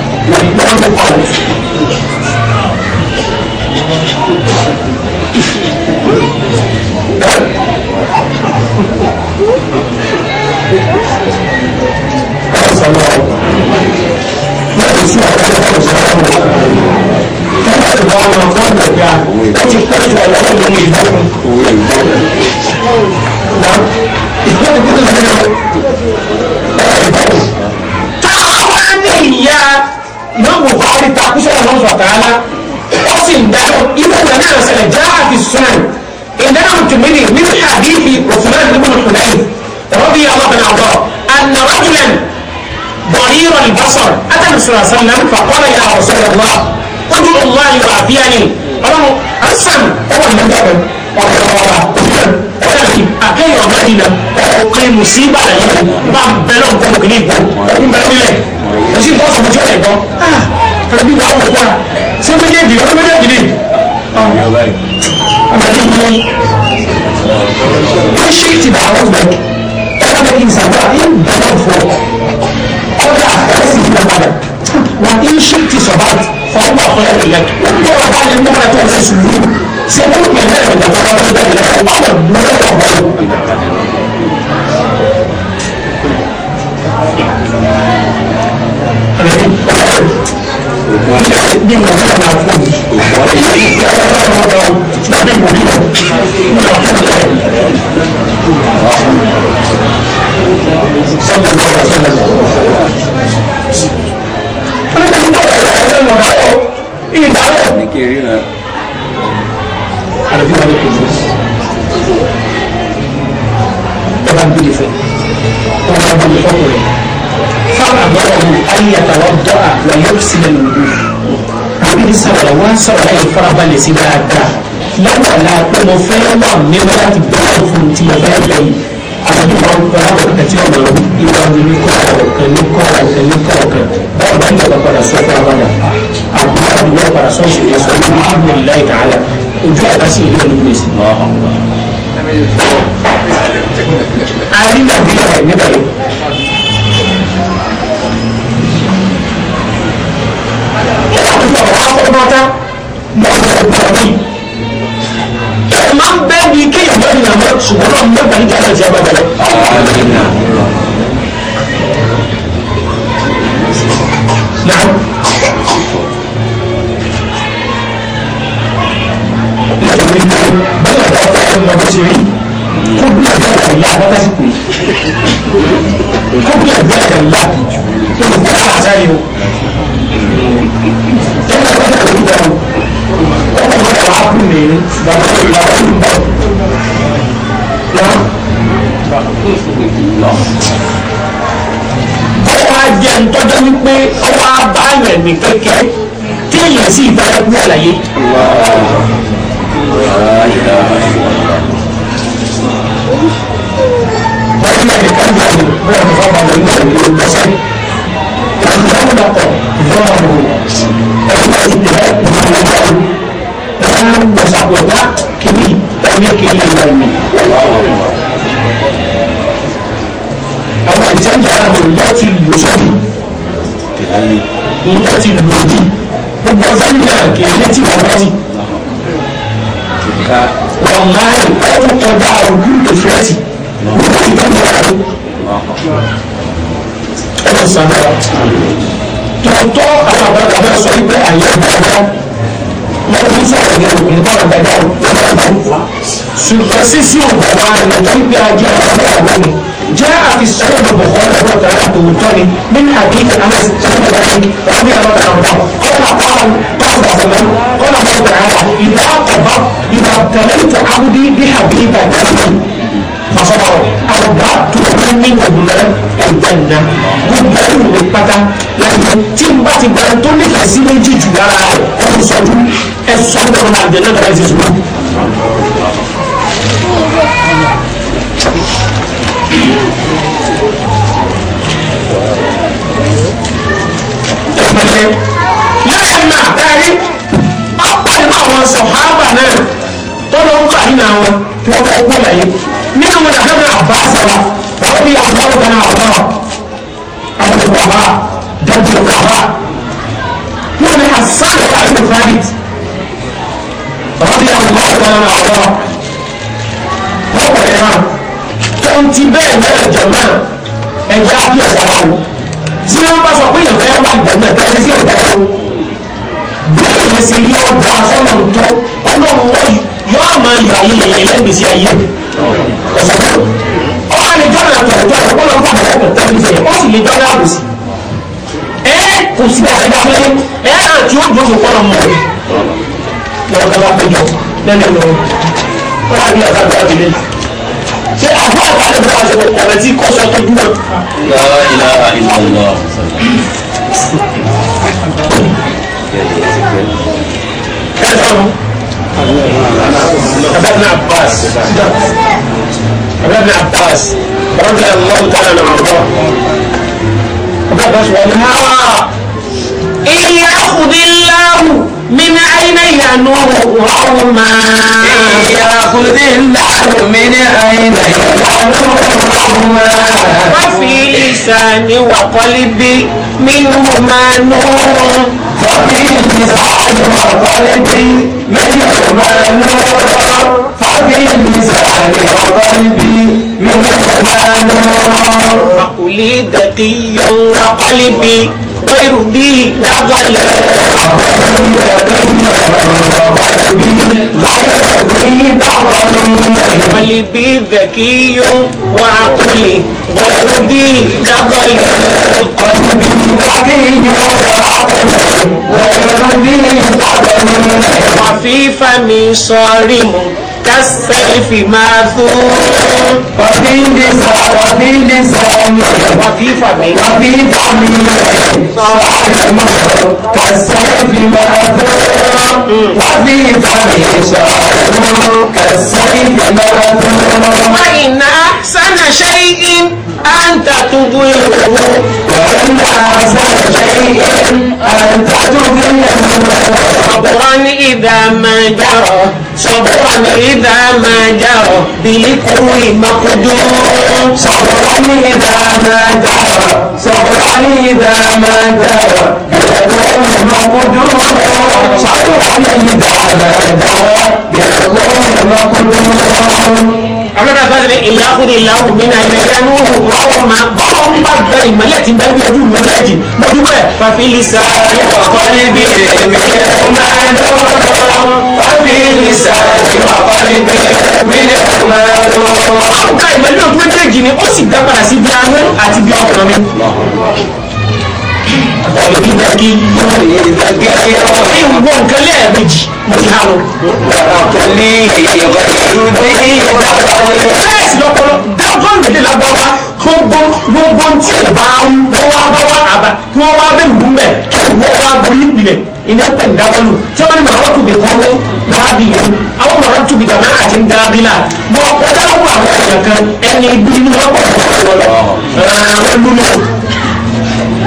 Thank you. ìmáàmù buhari takú sọ́dọ̀ lọ́wọ́ sọ̀tàlá ó sì ń dájọ́ irú ìwà náà ṣẹlẹ̀ jáà fi sunan ìdáná tùmílì nínú àdìsí òṣùnà ìdúgbò nìkùnrin rọ́bì ọlọ́bìnrin àwọ̀ àna rajulan ضرير البصر أتى الرسول صلى الله عليه وسلم فقال يا رسول الله kọjú ọ̀wá ìwà àbíyá ni ọlọ́run ansan ọwọ́ ìdájọ́ ọ̀rọ̀ ọ̀rọ̀ ọ̀rọ̀ àkẹ́yìn ọ̀gá ìlà ọ̀kẹ́ mùsíbà yìí bá bẹ̀rẹ̀ nǹkan òkèlè ìgbà nígbà nílẹ̀ èsì nǹkan ọ̀sán ojú ọ̀rẹ́ gan ah kàbí ìgbà wọn kọ́ ṣé méjèèjì ó méjèèjì ni. àgbàdo ìgbà ó ṣe ìtìbà àwọn ọ̀gbẹ́ ẹ̀ka bẹ́ẹ̀ kí n sàgbà ń bẹ̀rẹ̀ fún ọ kọ́dà ẹ̀sìn ìgbà padà wà ń ṣe ìtì sọ̀báàtì fọwọ́pọ̀ fọlẹ́ nìyẹn wọ́n yóò bá lè mú ọ̀rẹ́ tó ṣe sùúrù ṣe kó lè bẹ̀rẹ̀ ìgbà tó wọ́n bẹ̀rẹ̀ ìgbà tó wọ́n bẹ̀rẹ̀ ìgbà tó wọ́n bẹ̀rẹ̀ ìgbà tó wọ́n bẹ̀rẹ̀ sọ̀rọ̀ ẹ̀ farabalẹ̀ sí dáadáa lọ́wọ́lá pé mo fẹ́ wà níwọ̀n láti bẹ̀rẹ̀ fún ti mo fẹ́ lẹ̀ yìí àbí mo gba ọ̀kẹ́ tí ọ̀nà ìwà mi ní kọ́ ọ̀kẹ́ ní kọ́ ọ̀kẹ́ ní kọ́ ọ̀kẹ́ báwo bá yọ̀ padà sọ fún abala àbí báwo yọ̀ padà sọ sí ìyẹn sọ ní ìlú ìlà ìdáhàlà ojú àgbà sí ìlú ìlú gbèsè. arínàbí ẹ̀ nígbà yìí. ọ̀pọ̀ àwọn akọ̀kọ̀ àbí ẹ máa ń bẹ́ẹ̀ ni kéèyàn bẹ́ẹ̀ ni àwọn ṣùgbọ́n náà mẹ́ta ní kíláàsì àti abẹ́bẹ́rẹ́. Thank you what's happening that we are in now. Bọ́lá jẹ́ ntọ́jọ́ ní pé ọwọ́ abáyọ̀ ẹ̀mí kékeré tí èèyàn sì bá ẹkú àlàyé. Bọ́lá jẹ́ nìkan jẹ́ àlè bẹ́ẹ̀ ni wọ́n bá lè ní ìlú ìgbésẹ̀. Ìjọba ọ̀pọ̀ ìjọba ọ̀pọ̀ ẹ̀kú àti ìdílé ẹ̀kú àbọ̀dá kìíní ẹ̀mí kìíní ìlú ẹ̀mí. àwọn ìtẹ́jú ara rẹ̀ yóò ti lò sódì ìyá ti lò dì gbogbo sẹ́yìn náà kìíní ti wọ́n bá ti. wọ́n máa ń kọ́ ọba ojú ìfẹ́sì wọ́n ti tẹ́jú ara rẹ̀. ọ̀sán náà tọ̀tọ̀ àwọn àgbàlagbà sọ pé àyè ìgbà náà. sur précision جاء في جاء في السنة البخاري وكلام من حديث أنس بن مالك رضي الله عنه قال قال بعض الزمان قال الله إذا قبض إذا ابتليت عبدي بحبيبة fasobɔrɔ awuda tuntun ni gbɛgbɛrɛ ɛgbɛnna gbɛgbɛrɛ yi le pata yanni tí n bá ti gbɛrɛ tó ní ka sí méjì jù lára rẹ ɛfɛ sɔdu ɛsɔ dɔrɔn na àjẹ náà ɛfɛ sɔdu. lẹ́yìn náà bẹ́ẹ̀ ni ọ̀pọ̀ nínú àwọn sọ̀hábà náà tó ló ń kà nínú àwọn wọ́n fẹ́ gbọ́dọ̀ yìí nínú wọn àbẹ́ náà bá sọ̀rọ̀ wọ́n bí àbúrò kan náà sọ̀rọ̀ àbúrò bàbá dájú bàbá wọ́n ní àṣàlẹ̀ àti ìfúnadìt wọ́n bí àbúrò kan náà sọ̀rọ̀ wọ́n pẹ̀lẹ́ náà tọ́ntì bẹ́ẹ̀ náà jọ̀mọ́ ẹ̀já bí ọ̀sán àwọn tí wọ́n bá sọ pé ìyànfẹ́ wà gbẹ̀gbẹ̀ tẹ́lẹ̀ sí ọ̀dà tó bẹ́ẹ̀ ni ṣe yọ ọ̀dà fọ́nà tó ọlọ́run wọ́n yọ àmọ́ ìyàwó ìyàwó ìgbésí ayé ọ̀hán ni jọ́nà àgbàjọ́ àgbàjọ́ ọ̀pọ̀lọpọ̀ àgbàjọ́ tẹ̀lifẹ̀ ó sì lè jọ́nà àbòsí ẹ kò sí àgbàjọ́ pé ẹ náà tí ó dùn ún pọ́nà mọ̀ lọ́kọ́lá péjọ lẹ́nu lọ́wọ́ wọ́n á bí àgbàjọ́ àbílẹ̀ ṣé àbúrò àgbàjọ́ àgbàjọ́ àbẹ̀tí kọ́sọ́ tó dúró. عباس رضي الله تعالى عنه نعم. إن يأخذ الله من عيني نورهما يأخذ الله من عيني نورهما وفي لساني وقلبي منهما نور وفي لساني وقلبي منهما نور باللسان وقلبي من النار عقلي دقي وقلبي ويرضي لغل قلبي ذكي وعقلي ويرضي لغل وفي فمي صارم أسترف ماثور وفي لسان وفي لسان وفي فمي وفي فمي شرعت مصر كالسيف ماثور وفي فمي شرعت كالسيف ماثور وإن أحسن شيء أنت تضيره وإن أحسن شيء أنت تضيره صبرا إذا ما جرى صبرا إذا ما جرى بالكوي مقدور صبرا إذا ما جرى صبرا إذا ما جرى بالكوي مقدور صبرا إذا ما جرى بالكوي مقدور ọlọ́dà bá lè ìlàkùnrin ìlàkùn mi náà ilẹ̀ ìyanu ọ̀rọ̀ máa bọ́ ń bá bẹ ìmọ̀lẹ̀ tí bẹ́ẹ̀ ojú méjèèjì lójú bẹ́ẹ̀. fàfilisa ìkọ̀kọ́ níbi èmi ẹ̀ ọ̀ka ìgbàlódé méjèèjì ni ó sì dá padà sí bí ahọ́n àti bí ọkàn mi. Ìwọ nǹkan lẹ́ẹ̀mejì ti há wọn. Bẹ́ẹ̀ sì lọ́pọ̀lọpọ̀ dákọ̀ọ́ ìgbèdè lágbàá gbogbo gbogbo tí ò bá ń wọ́wá bá wá àbá kí wọ́n wá bẹ́ẹ̀ dùn bẹ́ẹ̀ kí wọ́n wá borí ìpìlẹ̀ ìná pẹ̀lú dábọ́lù tí wọ́n ní màá tóbi kọ́ ló dábì yẹn àwọn màá tóbi kàmá àti dábì là mọ ọ̀dà wà wọ́n ẹ̀yàn kan ẹni ibi ni wọ́n pọ̀ lọ́wọ́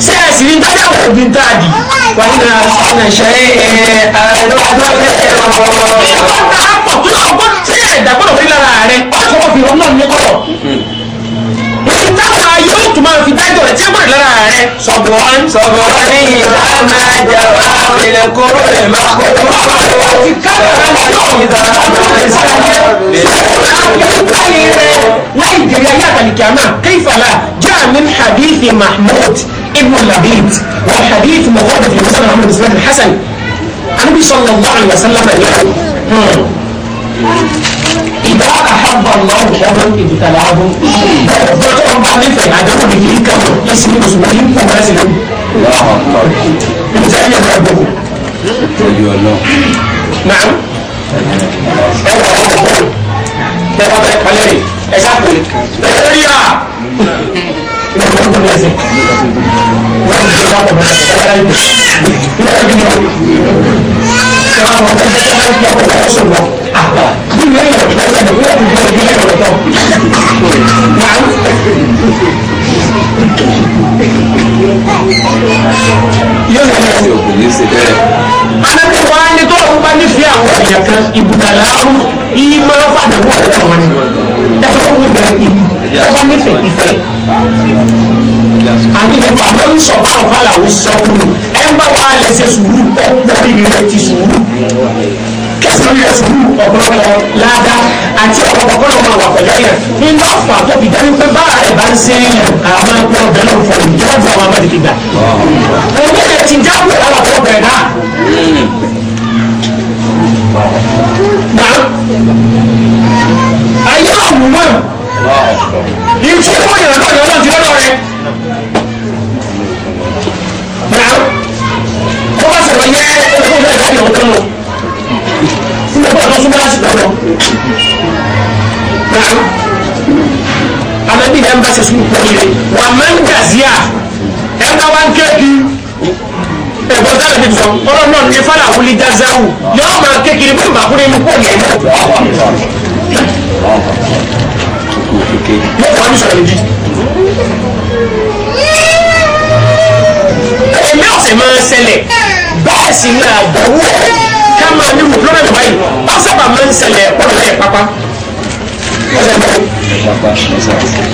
ṣé ẹ sì rí tájà wọ̀ bí tá a dì wà nínú àwọn ṣe ẹ ẹ ẹ ẹ ẹ tomorrow if you die, don't let كيف لا جاء من حديث محمود ابن لبيد وحديث في بن سلمة بن الحسن النبي صلى الله عليه وسلم يقول يبقى احب الله مش قادر انت تلعبهم ده طبعا معرفه يعني ده بيجيب كام اسم مسلمين ونازل لا اكبر انت ايه بحبهم ايوه الله نعم ده وضعك عليه يا صاحبي ده يا yóò ní ẹsẹ̀ òkú ní ṣe bẹ́ẹ̀. alábí wa ni tó ń bá nífẹ̀ẹ́ àwọn èèyàn kan ìbùkàlà ọ̀hún yìí máa ń fàdà wọ̀ ọ̀dọ̀ wọn ni dáhùn fún mi bẹ̀rẹ̀ ìlú ọba nífẹ̀ẹ́ ìfẹ́. àti ìfẹ́ àwọn ń sọ fáwọn fáwọn àwọn sọ fún mi ẹ ń bá wa lẹ́sẹ̀ sùúrù pọ̀ pọ̀ rẹ̀ ti sùúrù kẹsàn-án yẹn sùn ọ̀pọ̀lọpọ̀ ládàá àti ọ̀pọ̀lọpọ̀ máa wà pẹ̀lú ẹ̀yẹ nígbà fà tó fi dání pé bára ẹ̀ bá ń ṣe é yẹn àwọn ẹgbẹ́ ọ̀bẹ̀ náà fọ̀ ìjọba fún àwọn amadu kìgbà. ẹgbẹ́ yẹn ti já pé àwọn ọ̀pọ̀ bẹ̀rẹ̀ náà. ayé àwùmọ̀ ìṣe fún ìrànlọ́yọ̀ náà ti lọ́dọ̀ rẹ̀. Bàbá sọ̀rọ̀ yẹ́ ẹ̀kọ́ náà láti ọ̀kan o ẹ̀fọ́ súnmọ́ lásìkò ọ̀dọ́. Àmọ́bí ni ẹ ń bá ṣe sùúrù pẹ̀lú rẹ̀. Wà máa ń gà sí à. Ẹ bá wá ń kéèkì. Ẹ̀gbọ́n sáré ti sọ. Ọlọ́run náà ní Fálà Wuli Gazawu. Yọ́ọ́ máa kéèkì ní bàbá kúrẹ́ inú kúrò yẹn. Mo kọ́ ní sọ̀rọ̀ méjì. Ẹ̀mí ọ̀sẹ̀ máa ń ṣẹlẹ̀. Bẹ́ẹ̀ sì ni àbọ̀wọ̀ ká máa ní wù lọ́nà ìwà yìí wọ́n sábà máa ń ṣẹlẹ̀ ọ̀nà ẹ̀ pápá.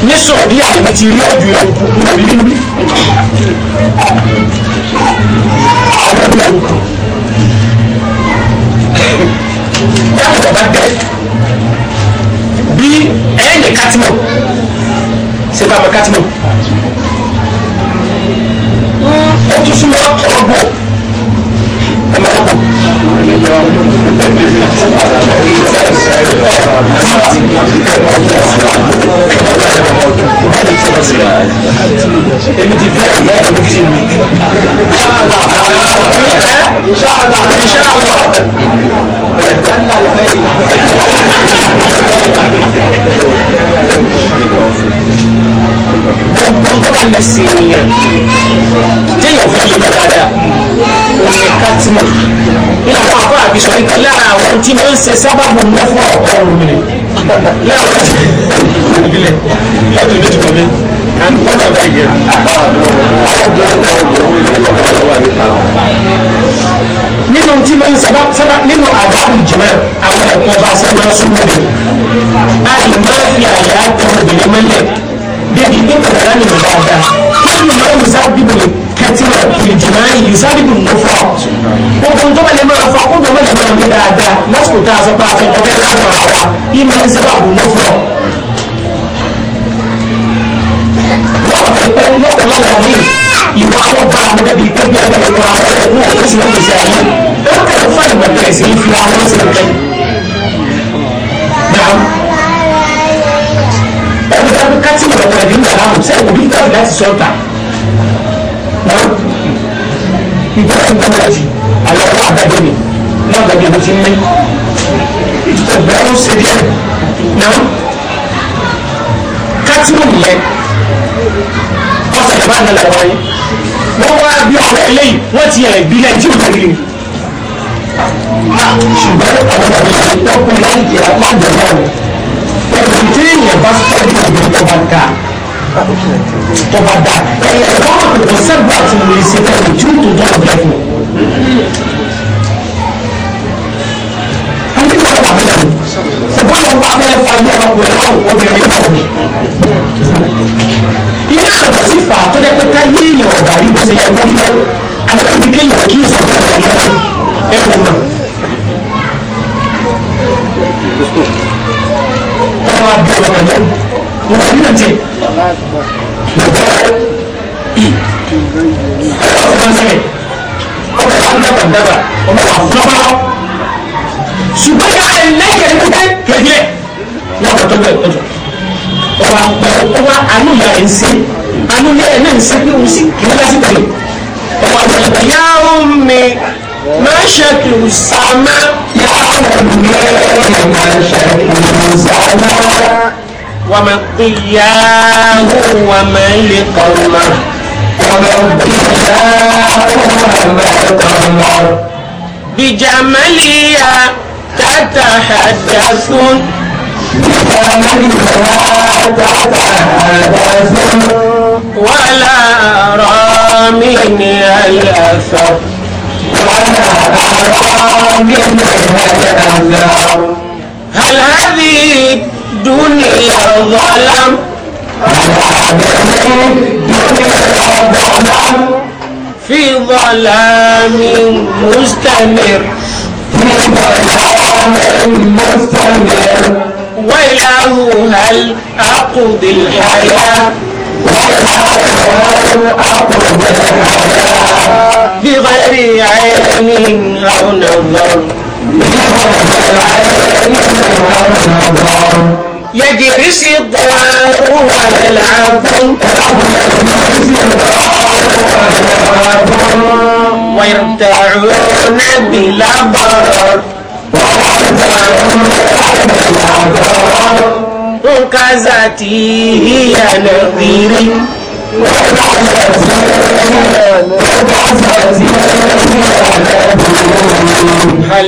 ní sọ̀rọ̀ yà á ti rí ọ̀dù ìlú bí ẹ̀yìn ní kátìmọ̀ ṣe bá bọ̀ kátìmọ̀ ó tún súnmọ́ ọgbọ̀n ẹ̀ máa bọ̀. Thank you. tí mo ń ṣe sábàbù mẹ́fà ọ̀rùn mi. láàrín ìdílé láti ìdílé kan mi. nínú tí mo ń sábà sábà nínú àdáhùn jùlọ àwọn ẹ̀kọ́ bá sábà súnmọ́ mi a lè má fi àyà kan obìnrin mọ́lẹ̀ débi pé kàkàrà nínú dáadáa kí ni mo ń sábìbò kẹtìmọ̀ ìjùmọ̀ yìí sábìbò ń fọ́ ogun tó bá lè máa fọ́ ogun tó bá lè máa gbé dáadáa lásìkò tá a sọ pé a fẹ́ kọ́ láti máa fọ́ ìmọ̀ ń sábà bò ń fọ́. ọ̀pẹ lọ́pọ̀lọpọ̀ mi ìwà tó bá a lọ́dẹ̀ bíi pẹ́ẹ́bí ẹgbẹ́ ìwà ọ̀pẹ fún òkúsù lọ́kùsù ayé ó kẹ̀kọ́ fún ìwà bẹ̀rẹ̀ sí fi àwọn sí ọ̀kẹ́. Báwo ẹni tó kátì wọ̀ ọ̀pẹ ní ìgbà láwùjọ sẹ́yìn òbí tó láti sọ ọ̀tà. Ìjọba ìgbàlá ti àlọ́ àbájọ́ mi náà gbàgbé mo ti ń mí ìtọ́gbẹ́ ó ṣe díẹ̀ náà kátìmù yẹn ọ̀sẹ̀ tẹ̀ bá ń dalẹ̀ wọ́n yìí wọ́n wá bí ọ̀rẹ́ eléyìí wọ́n ti yẹn bí lẹ́yìn tí ò tẹ̀lé ni. ṣùgbọ́n ọ̀pọ̀lọpọ̀ láìjẹ aláǹdẹ̀lẹ̀ rẹ̀ ẹ̀sìn tí èèyàn bá sọ́ọ́dún ìgbẹ́ tó bá dáa tó bá dáa ẹ̀yẹ̀ wọ́n kò sẹ́gbà tí mo lè ṣe fẹ́ẹ́ abẹ́ fagbe ọkùnrin náà obìnrin náà ni. iná àgbà sì fà á tó dẹ́ pé ká yé èèyàn ọ̀gá yìí bó ṣe yẹ إياه ومن لقومه ورب إياه بجمالية تتحدثون ولا أرى مني الأثر ولا أرى مني الأثر هل هذه دنيا ظلم في ظلام مستمر في مستمر ويله هل أقضي الحياة بغير عين أو نظر يا يجب الصدار ولا العظم ويرتعون بلا ضرر وكازاتي هي نظيري وكازاتي هي نظيري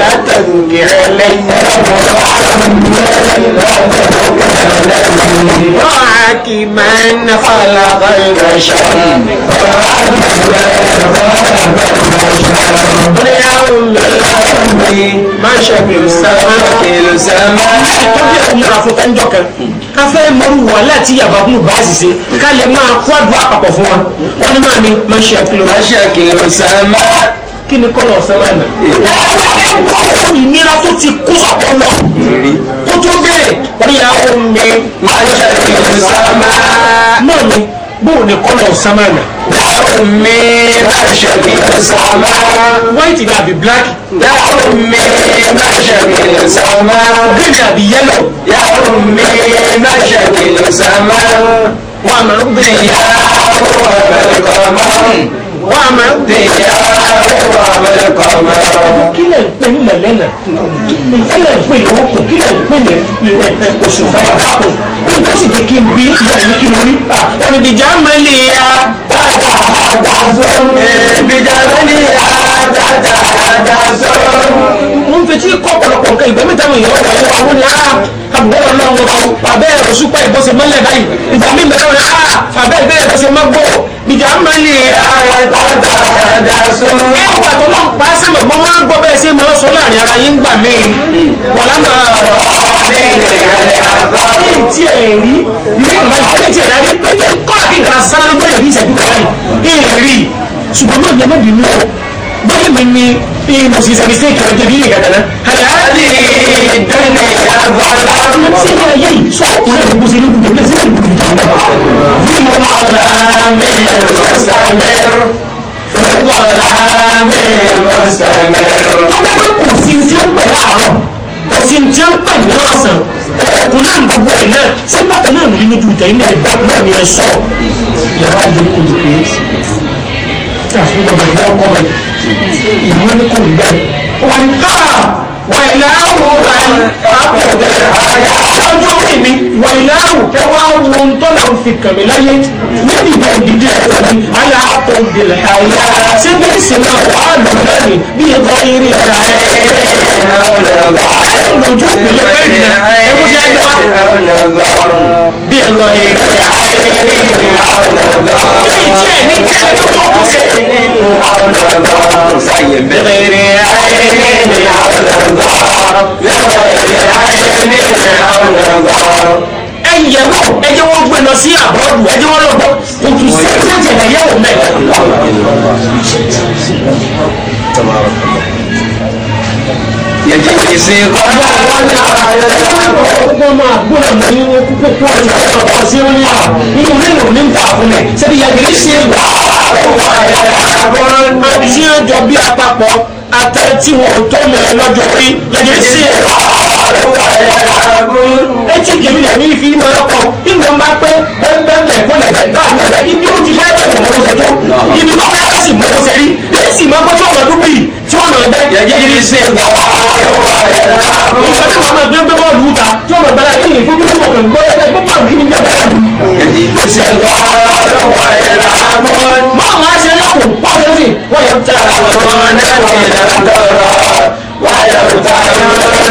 látàlùkì ẹlẹ́yìn ضاعك من خلق البشر اليوم ما شكل سمك السماء yàrá fún fẹ́ńjọ́ kan ká fẹ́ mọ́rú wa láti yàgbá fún báàsì ṣe ká lè máa kó àdúrà papọ̀ fún wa wọ́n ní máa ní máa ṣe àkìlọ̀. máa ṣe àkìlọ̀ sẹ́mẹ́ kí ni kọ́lọ̀ ọ̀sán lẹ́nu. ìnira tó ti kú ọ̀pọ̀lọ kó tó bẹ̀rẹ̀ oríyàwó mi máa ń ṣàlàyé ìsámá. náà ni bóun ni kọ́lọ̀ ọ̀sán lẹ́nu. Dáhùn mi máa ń ṣẹ̀mí ìsámá. White ni àbí black. Dáhùn mi máa ń ṣẹ̀mí ìsámá. Green ni àbí yellow. Dáhùn mi máa ń ṣẹ̀mí ìsámá. Wọ́n àmọ́ ń gbé ìyá wà á máa ń tè é wà á ọmọ ẹ̀rọ. kí lè pè ní mẹ̀lẹ́nà kí lè pè ní okùn kí lè pè ní oṣù fẹ́ẹ́ kí n sì jẹ́ kí n bí ìyá kí n rí. olùdíjà mẹ́lì ya ìbíjà mẹ́lì ya dáadáa mo ń fetí kọ́ ọ̀pọ̀lọpọ̀ nǹkan ìgbẹ́ mẹ́ta mi ìyọ̀wọ̀ ẹ̀yọ́ àwọn ni áá àbúrò ọlọ́run ọ̀tọ̀ fàbẹ́ ẹ̀rọ súpà ìbọ̀sẹ̀ báyìí ìgbà mi mẹ́ta rẹ̀ áá fàbẹ́ ìbẹ̀rẹ̀ ìbọ̀sẹ̀ mọ́gbọ̀ ìjà mẹ́lì ya ẹwà tó lọ pa sẹ́mọ̀ mọ́ máa ń gbọ́ bẹ́ẹ̀ sí máa ń sọ láàrin ara yín gbà mí wà lánà ọ̀rọ̀ tí ẹ̀ rí ní ìgbà tí ẹ̀ rí kọ́ àbí nǹkan sá في مسيسة بسيكة بتبيني كتنا هل هذه الدنة أربع العرب مسيكة أيي شعب ولا المسيلين من دولة زي في مرعب عامل مستمر فضل عامل مستمر وسنسان بالعرب وسنسان بالناصر كلهم بقولنا سمعتنا من النجوم تايمنا الباب من الشعب يا رب كل كويس tí a fi kọ̀ọ̀kan ìyá ọkọ rẹ̀ ìyàwó ní kò rí bẹ́ẹ̀ wọ́n á wàìláàrù ẹwà wọn tọ́lá ń fi kàmí láyé níbi ìdíje ẹ̀sìn aláàpọ̀ ìdílé àyà ṣé bẹ́ẹ̀ sì náà wà á lò lẹ́nu bí ẹ̀kọ́ irin ìta ẹ̀ lójú ìpínlẹ̀ bẹ́ẹ̀ ni ẹ̀kọ́ ṣe ẹ̀dá bí ẹ̀kọ́ irin ìta ẹ̀ ìjẹ́ ní kẹ́kẹ́ tó kọ́kọ́ sẹ́yìn. ẹyẹ ẹ jẹ́ wọ́n gbé lọ sí àbọ̀dù ẹ jẹ́ lọ bọ́ òtù sẹ́ńtẹ̀ ẹ̀yẹ wò mẹ́. yẹtí sí kọjá kọjá ọgbọ́n máa gbọ́dọ̀ ní owó púpọ̀ púpọ̀ ní ọ̀pọ̀ sí orí à nínú nínú ní ta fún mi ṣebí yàgìrì ṣe wà á tó wà ẹ̀ àbọ̀rọ̀ àti ṣé ó jọ bí àpapọ̀ atẹ́ tí wọ́n tó mọ̀ ẹ́ lọ́jọ́ rí lẹ́yìn sí ẹ̀ ẹtí kìíní ẹ̀mí fi máa kọ ìgbà máa pé ẹgbẹ́ mẹ́kúnlẹ̀ báyìí ibi ó ti lẹ́yìn ẹ̀mọ́ ló ṣẹjọ́ ibi bá wọ́n sì mọ́ ọ́ sẹ́rí èyí sì máa gbọ́dọ̀ ọ̀nà dúbì tí wọ́n nà bẹ́ yẹ́yẹ́ ṣe wà wà wà wà. ìgbà tí wọ́n máa gbé gbé bọ́ọ̀lù wúta tí wọ́n bẹ̀rẹ̀ kí ni fúnfún fún ọ̀gbìn gbọ́dọ̀ ẹgbẹ́ bọ́ọ̀lù kí ni jẹ́ bọ́ọ̀lù. wọ́n máa ṣe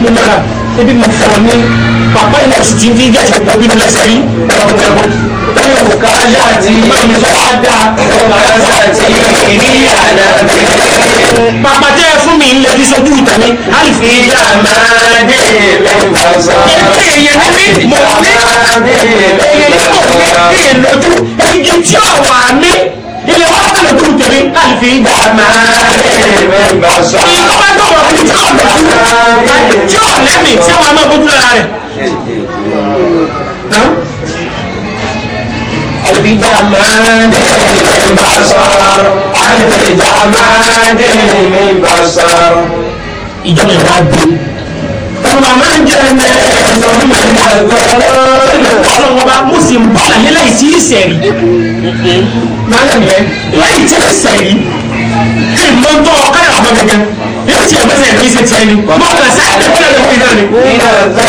ní mẹ́ka ebi mo fọ ní papa yìí náà sì ti ń fi gẹ̀ẹ́sì kókó bí mo lọ sí ọ̀pọ̀lọpọ̀ ní òkà láti yí ọ̀dà ọ̀bàrà àti ìrìn àdá papa tẹ́ fún mi ń lẹ́bí sọ́jú ìtàn mi àlùfẹ́ ìjà máa dé lẹ́gbàsá èèyàn ní mi mo ní èèyàn ní mo ní èèyàn lójú ẹni tí ọ̀wà mi ilé wa kàlẹ̀ tó ń tẹ̀lé àlùfí dàmà ìlú bá dọ̀rọ̀ ní tí ò lẹ́mí tí ò lẹ́mí tí àwọn ọmọ bójú ara rẹ̀. Àlùfí dàmà ìlú sọ̀rọ̀ àlùfí dàmà ìlú sọ̀rọ̀. Ìjọba ìwádìí sọ̀rọ̀ àmọ́ ń jẹ́ ẹ̀ ọlọ́wọ́ bá mú sí bọ́ọ̀lù yẹn láì sí ìsẹ̀rí láì tẹ́ ìsẹ̀rí kí n tó tọ́ ọ káyọ̀ ọ̀gbọ́n gẹ́gẹ́ tí ẹgbẹ́ sẹ́yìn kì mo kàn sáà ẹgbẹ́ ìwọ̀n bá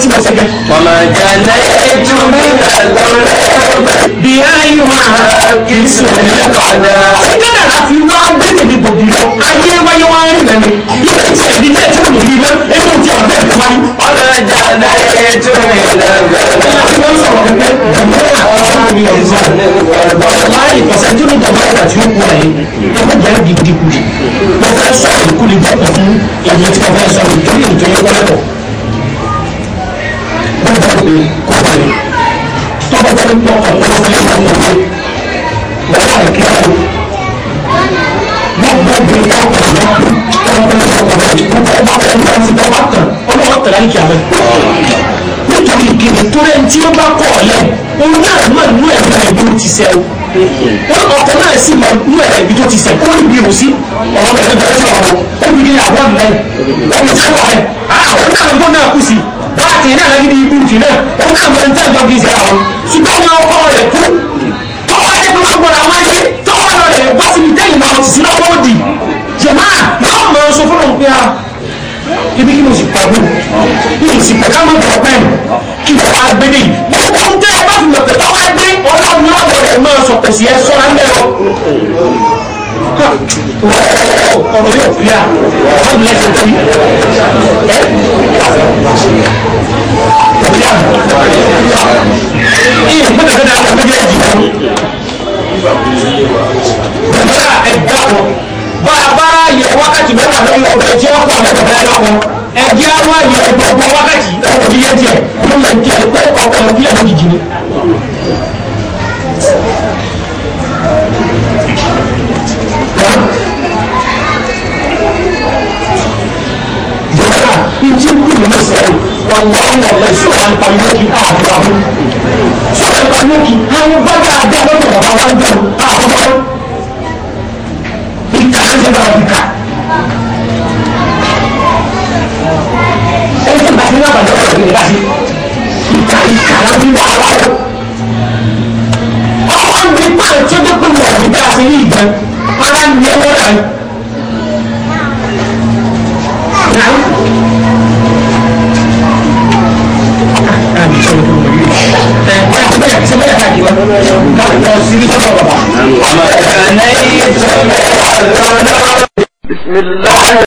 ti bọ̀ sí gan. ọmọ ìjàlá ẹjú mi lọ́rẹ́ bí ayé máa kì í sùn ní padà. sígára àti wá gbé níbi bòbí lọ ayé wáyé wá ń rẹ̀ mi yóò ti ẹ̀ ilé ẹ̀jẹ̀ mi rí lọ ẹ̀mú ti ọ̀gbẹ́ mi wáyé. ọmọ ìjàlá ẹjú mi lọ́rẹ́ bí ayé máa kì í sùn ní padà ọmọ jẹ́ gidigidi mo fẹ́ sọ ìkúlẹ̀ bọ́ọ̀lù fún èyí tí mo fẹ́ sọ nítorí ètò yẹn wọ́n pọ̀ wọ́n bá pè kó pẹ̀lú tọ́gbà tó ń bọ̀ ọ̀pọ̀ fún ẹ̀rọ ọmọ ọ̀pọ̀ wọ́n wà kí á lò wọ́n bá gbé ọkọ̀ náà wọ́n bá gbé ọkọ̀ náà wọ́n bá gbé ọkọ̀ náà wọ́n bá nítorí ìkíni tó rẹ̀ ń tí ó bá kọ̀ ọ̀lẹ́ òun náà mọ̀ nínú ẹ̀ka ìlú ti sẹ́wọ́ wọ́n ọkọ̀ náà sì mọ inú ẹ̀rọ ibi tó ti sẹ̀ kó níbi ìrù sí ọ̀rọ̀ rẹ̀ ah, ló bẹ̀rẹ̀ sọ̀rọ̀ ó bí ní àwọn ọ̀nà ọ̀nà sáwà rẹ̀ àwọn náà ń náà kù sí báàtì náà lẹ́yìn ní ibi ìfì náà ó náà mọ̀ ní tẹ́lẹ̀ gbọ́dọ̀ ìṣẹ̀ àwọn ṣùgbọ́n wọn ọkọ̀ rẹ̀ kú tọ́wọ́ ajẹ́ tó máa gbọ́dọ̀ àwọn ayé tọ́wọ́ rẹ̀ wá síbi tẹ́lẹ̀ máa ti agbede yìí ohun tẹ́ ẹ bá fi mọ̀ pé tọ́wọ́ agbé ọlọ́run náà bẹ̀rẹ̀ máa sọ pèsè ẹ sọ́ra ń bẹ̀rọ. ọ̀rọ̀ yóò fi yà wọ́n lè ṣe fi ẹ́ ìyẹn gbọ́dọ̀ gbọ́dọ̀ àwọn méjèèjì fún. bàbá ẹ̀ dákun bàbá yẹ wákàtí mẹ́ta lórí ọ̀bẹ tí wọ́n kọ́ ọ̀bẹ dákun. ẹ̀jẹ̀ awa yẹ ẹ̀gbọ̀gbọ̀ wákàtí ẹ̀jẹ̀ yẹ tiẹ̀ ló lẹ̀ tiẹ̀ pé ọkọ̀ ìbílẹ̀ ló jìjì ni. yàrá ìjì ń kúrò ní sẹ́yìn wọn wọ́n wọ̀ lẹ̀ sí ọ̀la nípa ilé kí àbúrò àbúrò sí ọ̀la nípa ilé kí àwọn bá dá adé lọ́dọ̀ bàbá wa ń dẹ̀rù àbúrò ìkàkẹ́ bá wà níkà. 你要把这手给你干，你干你干你干了。俺没办，绝对不能你干是一分，俺没我人。بسم الله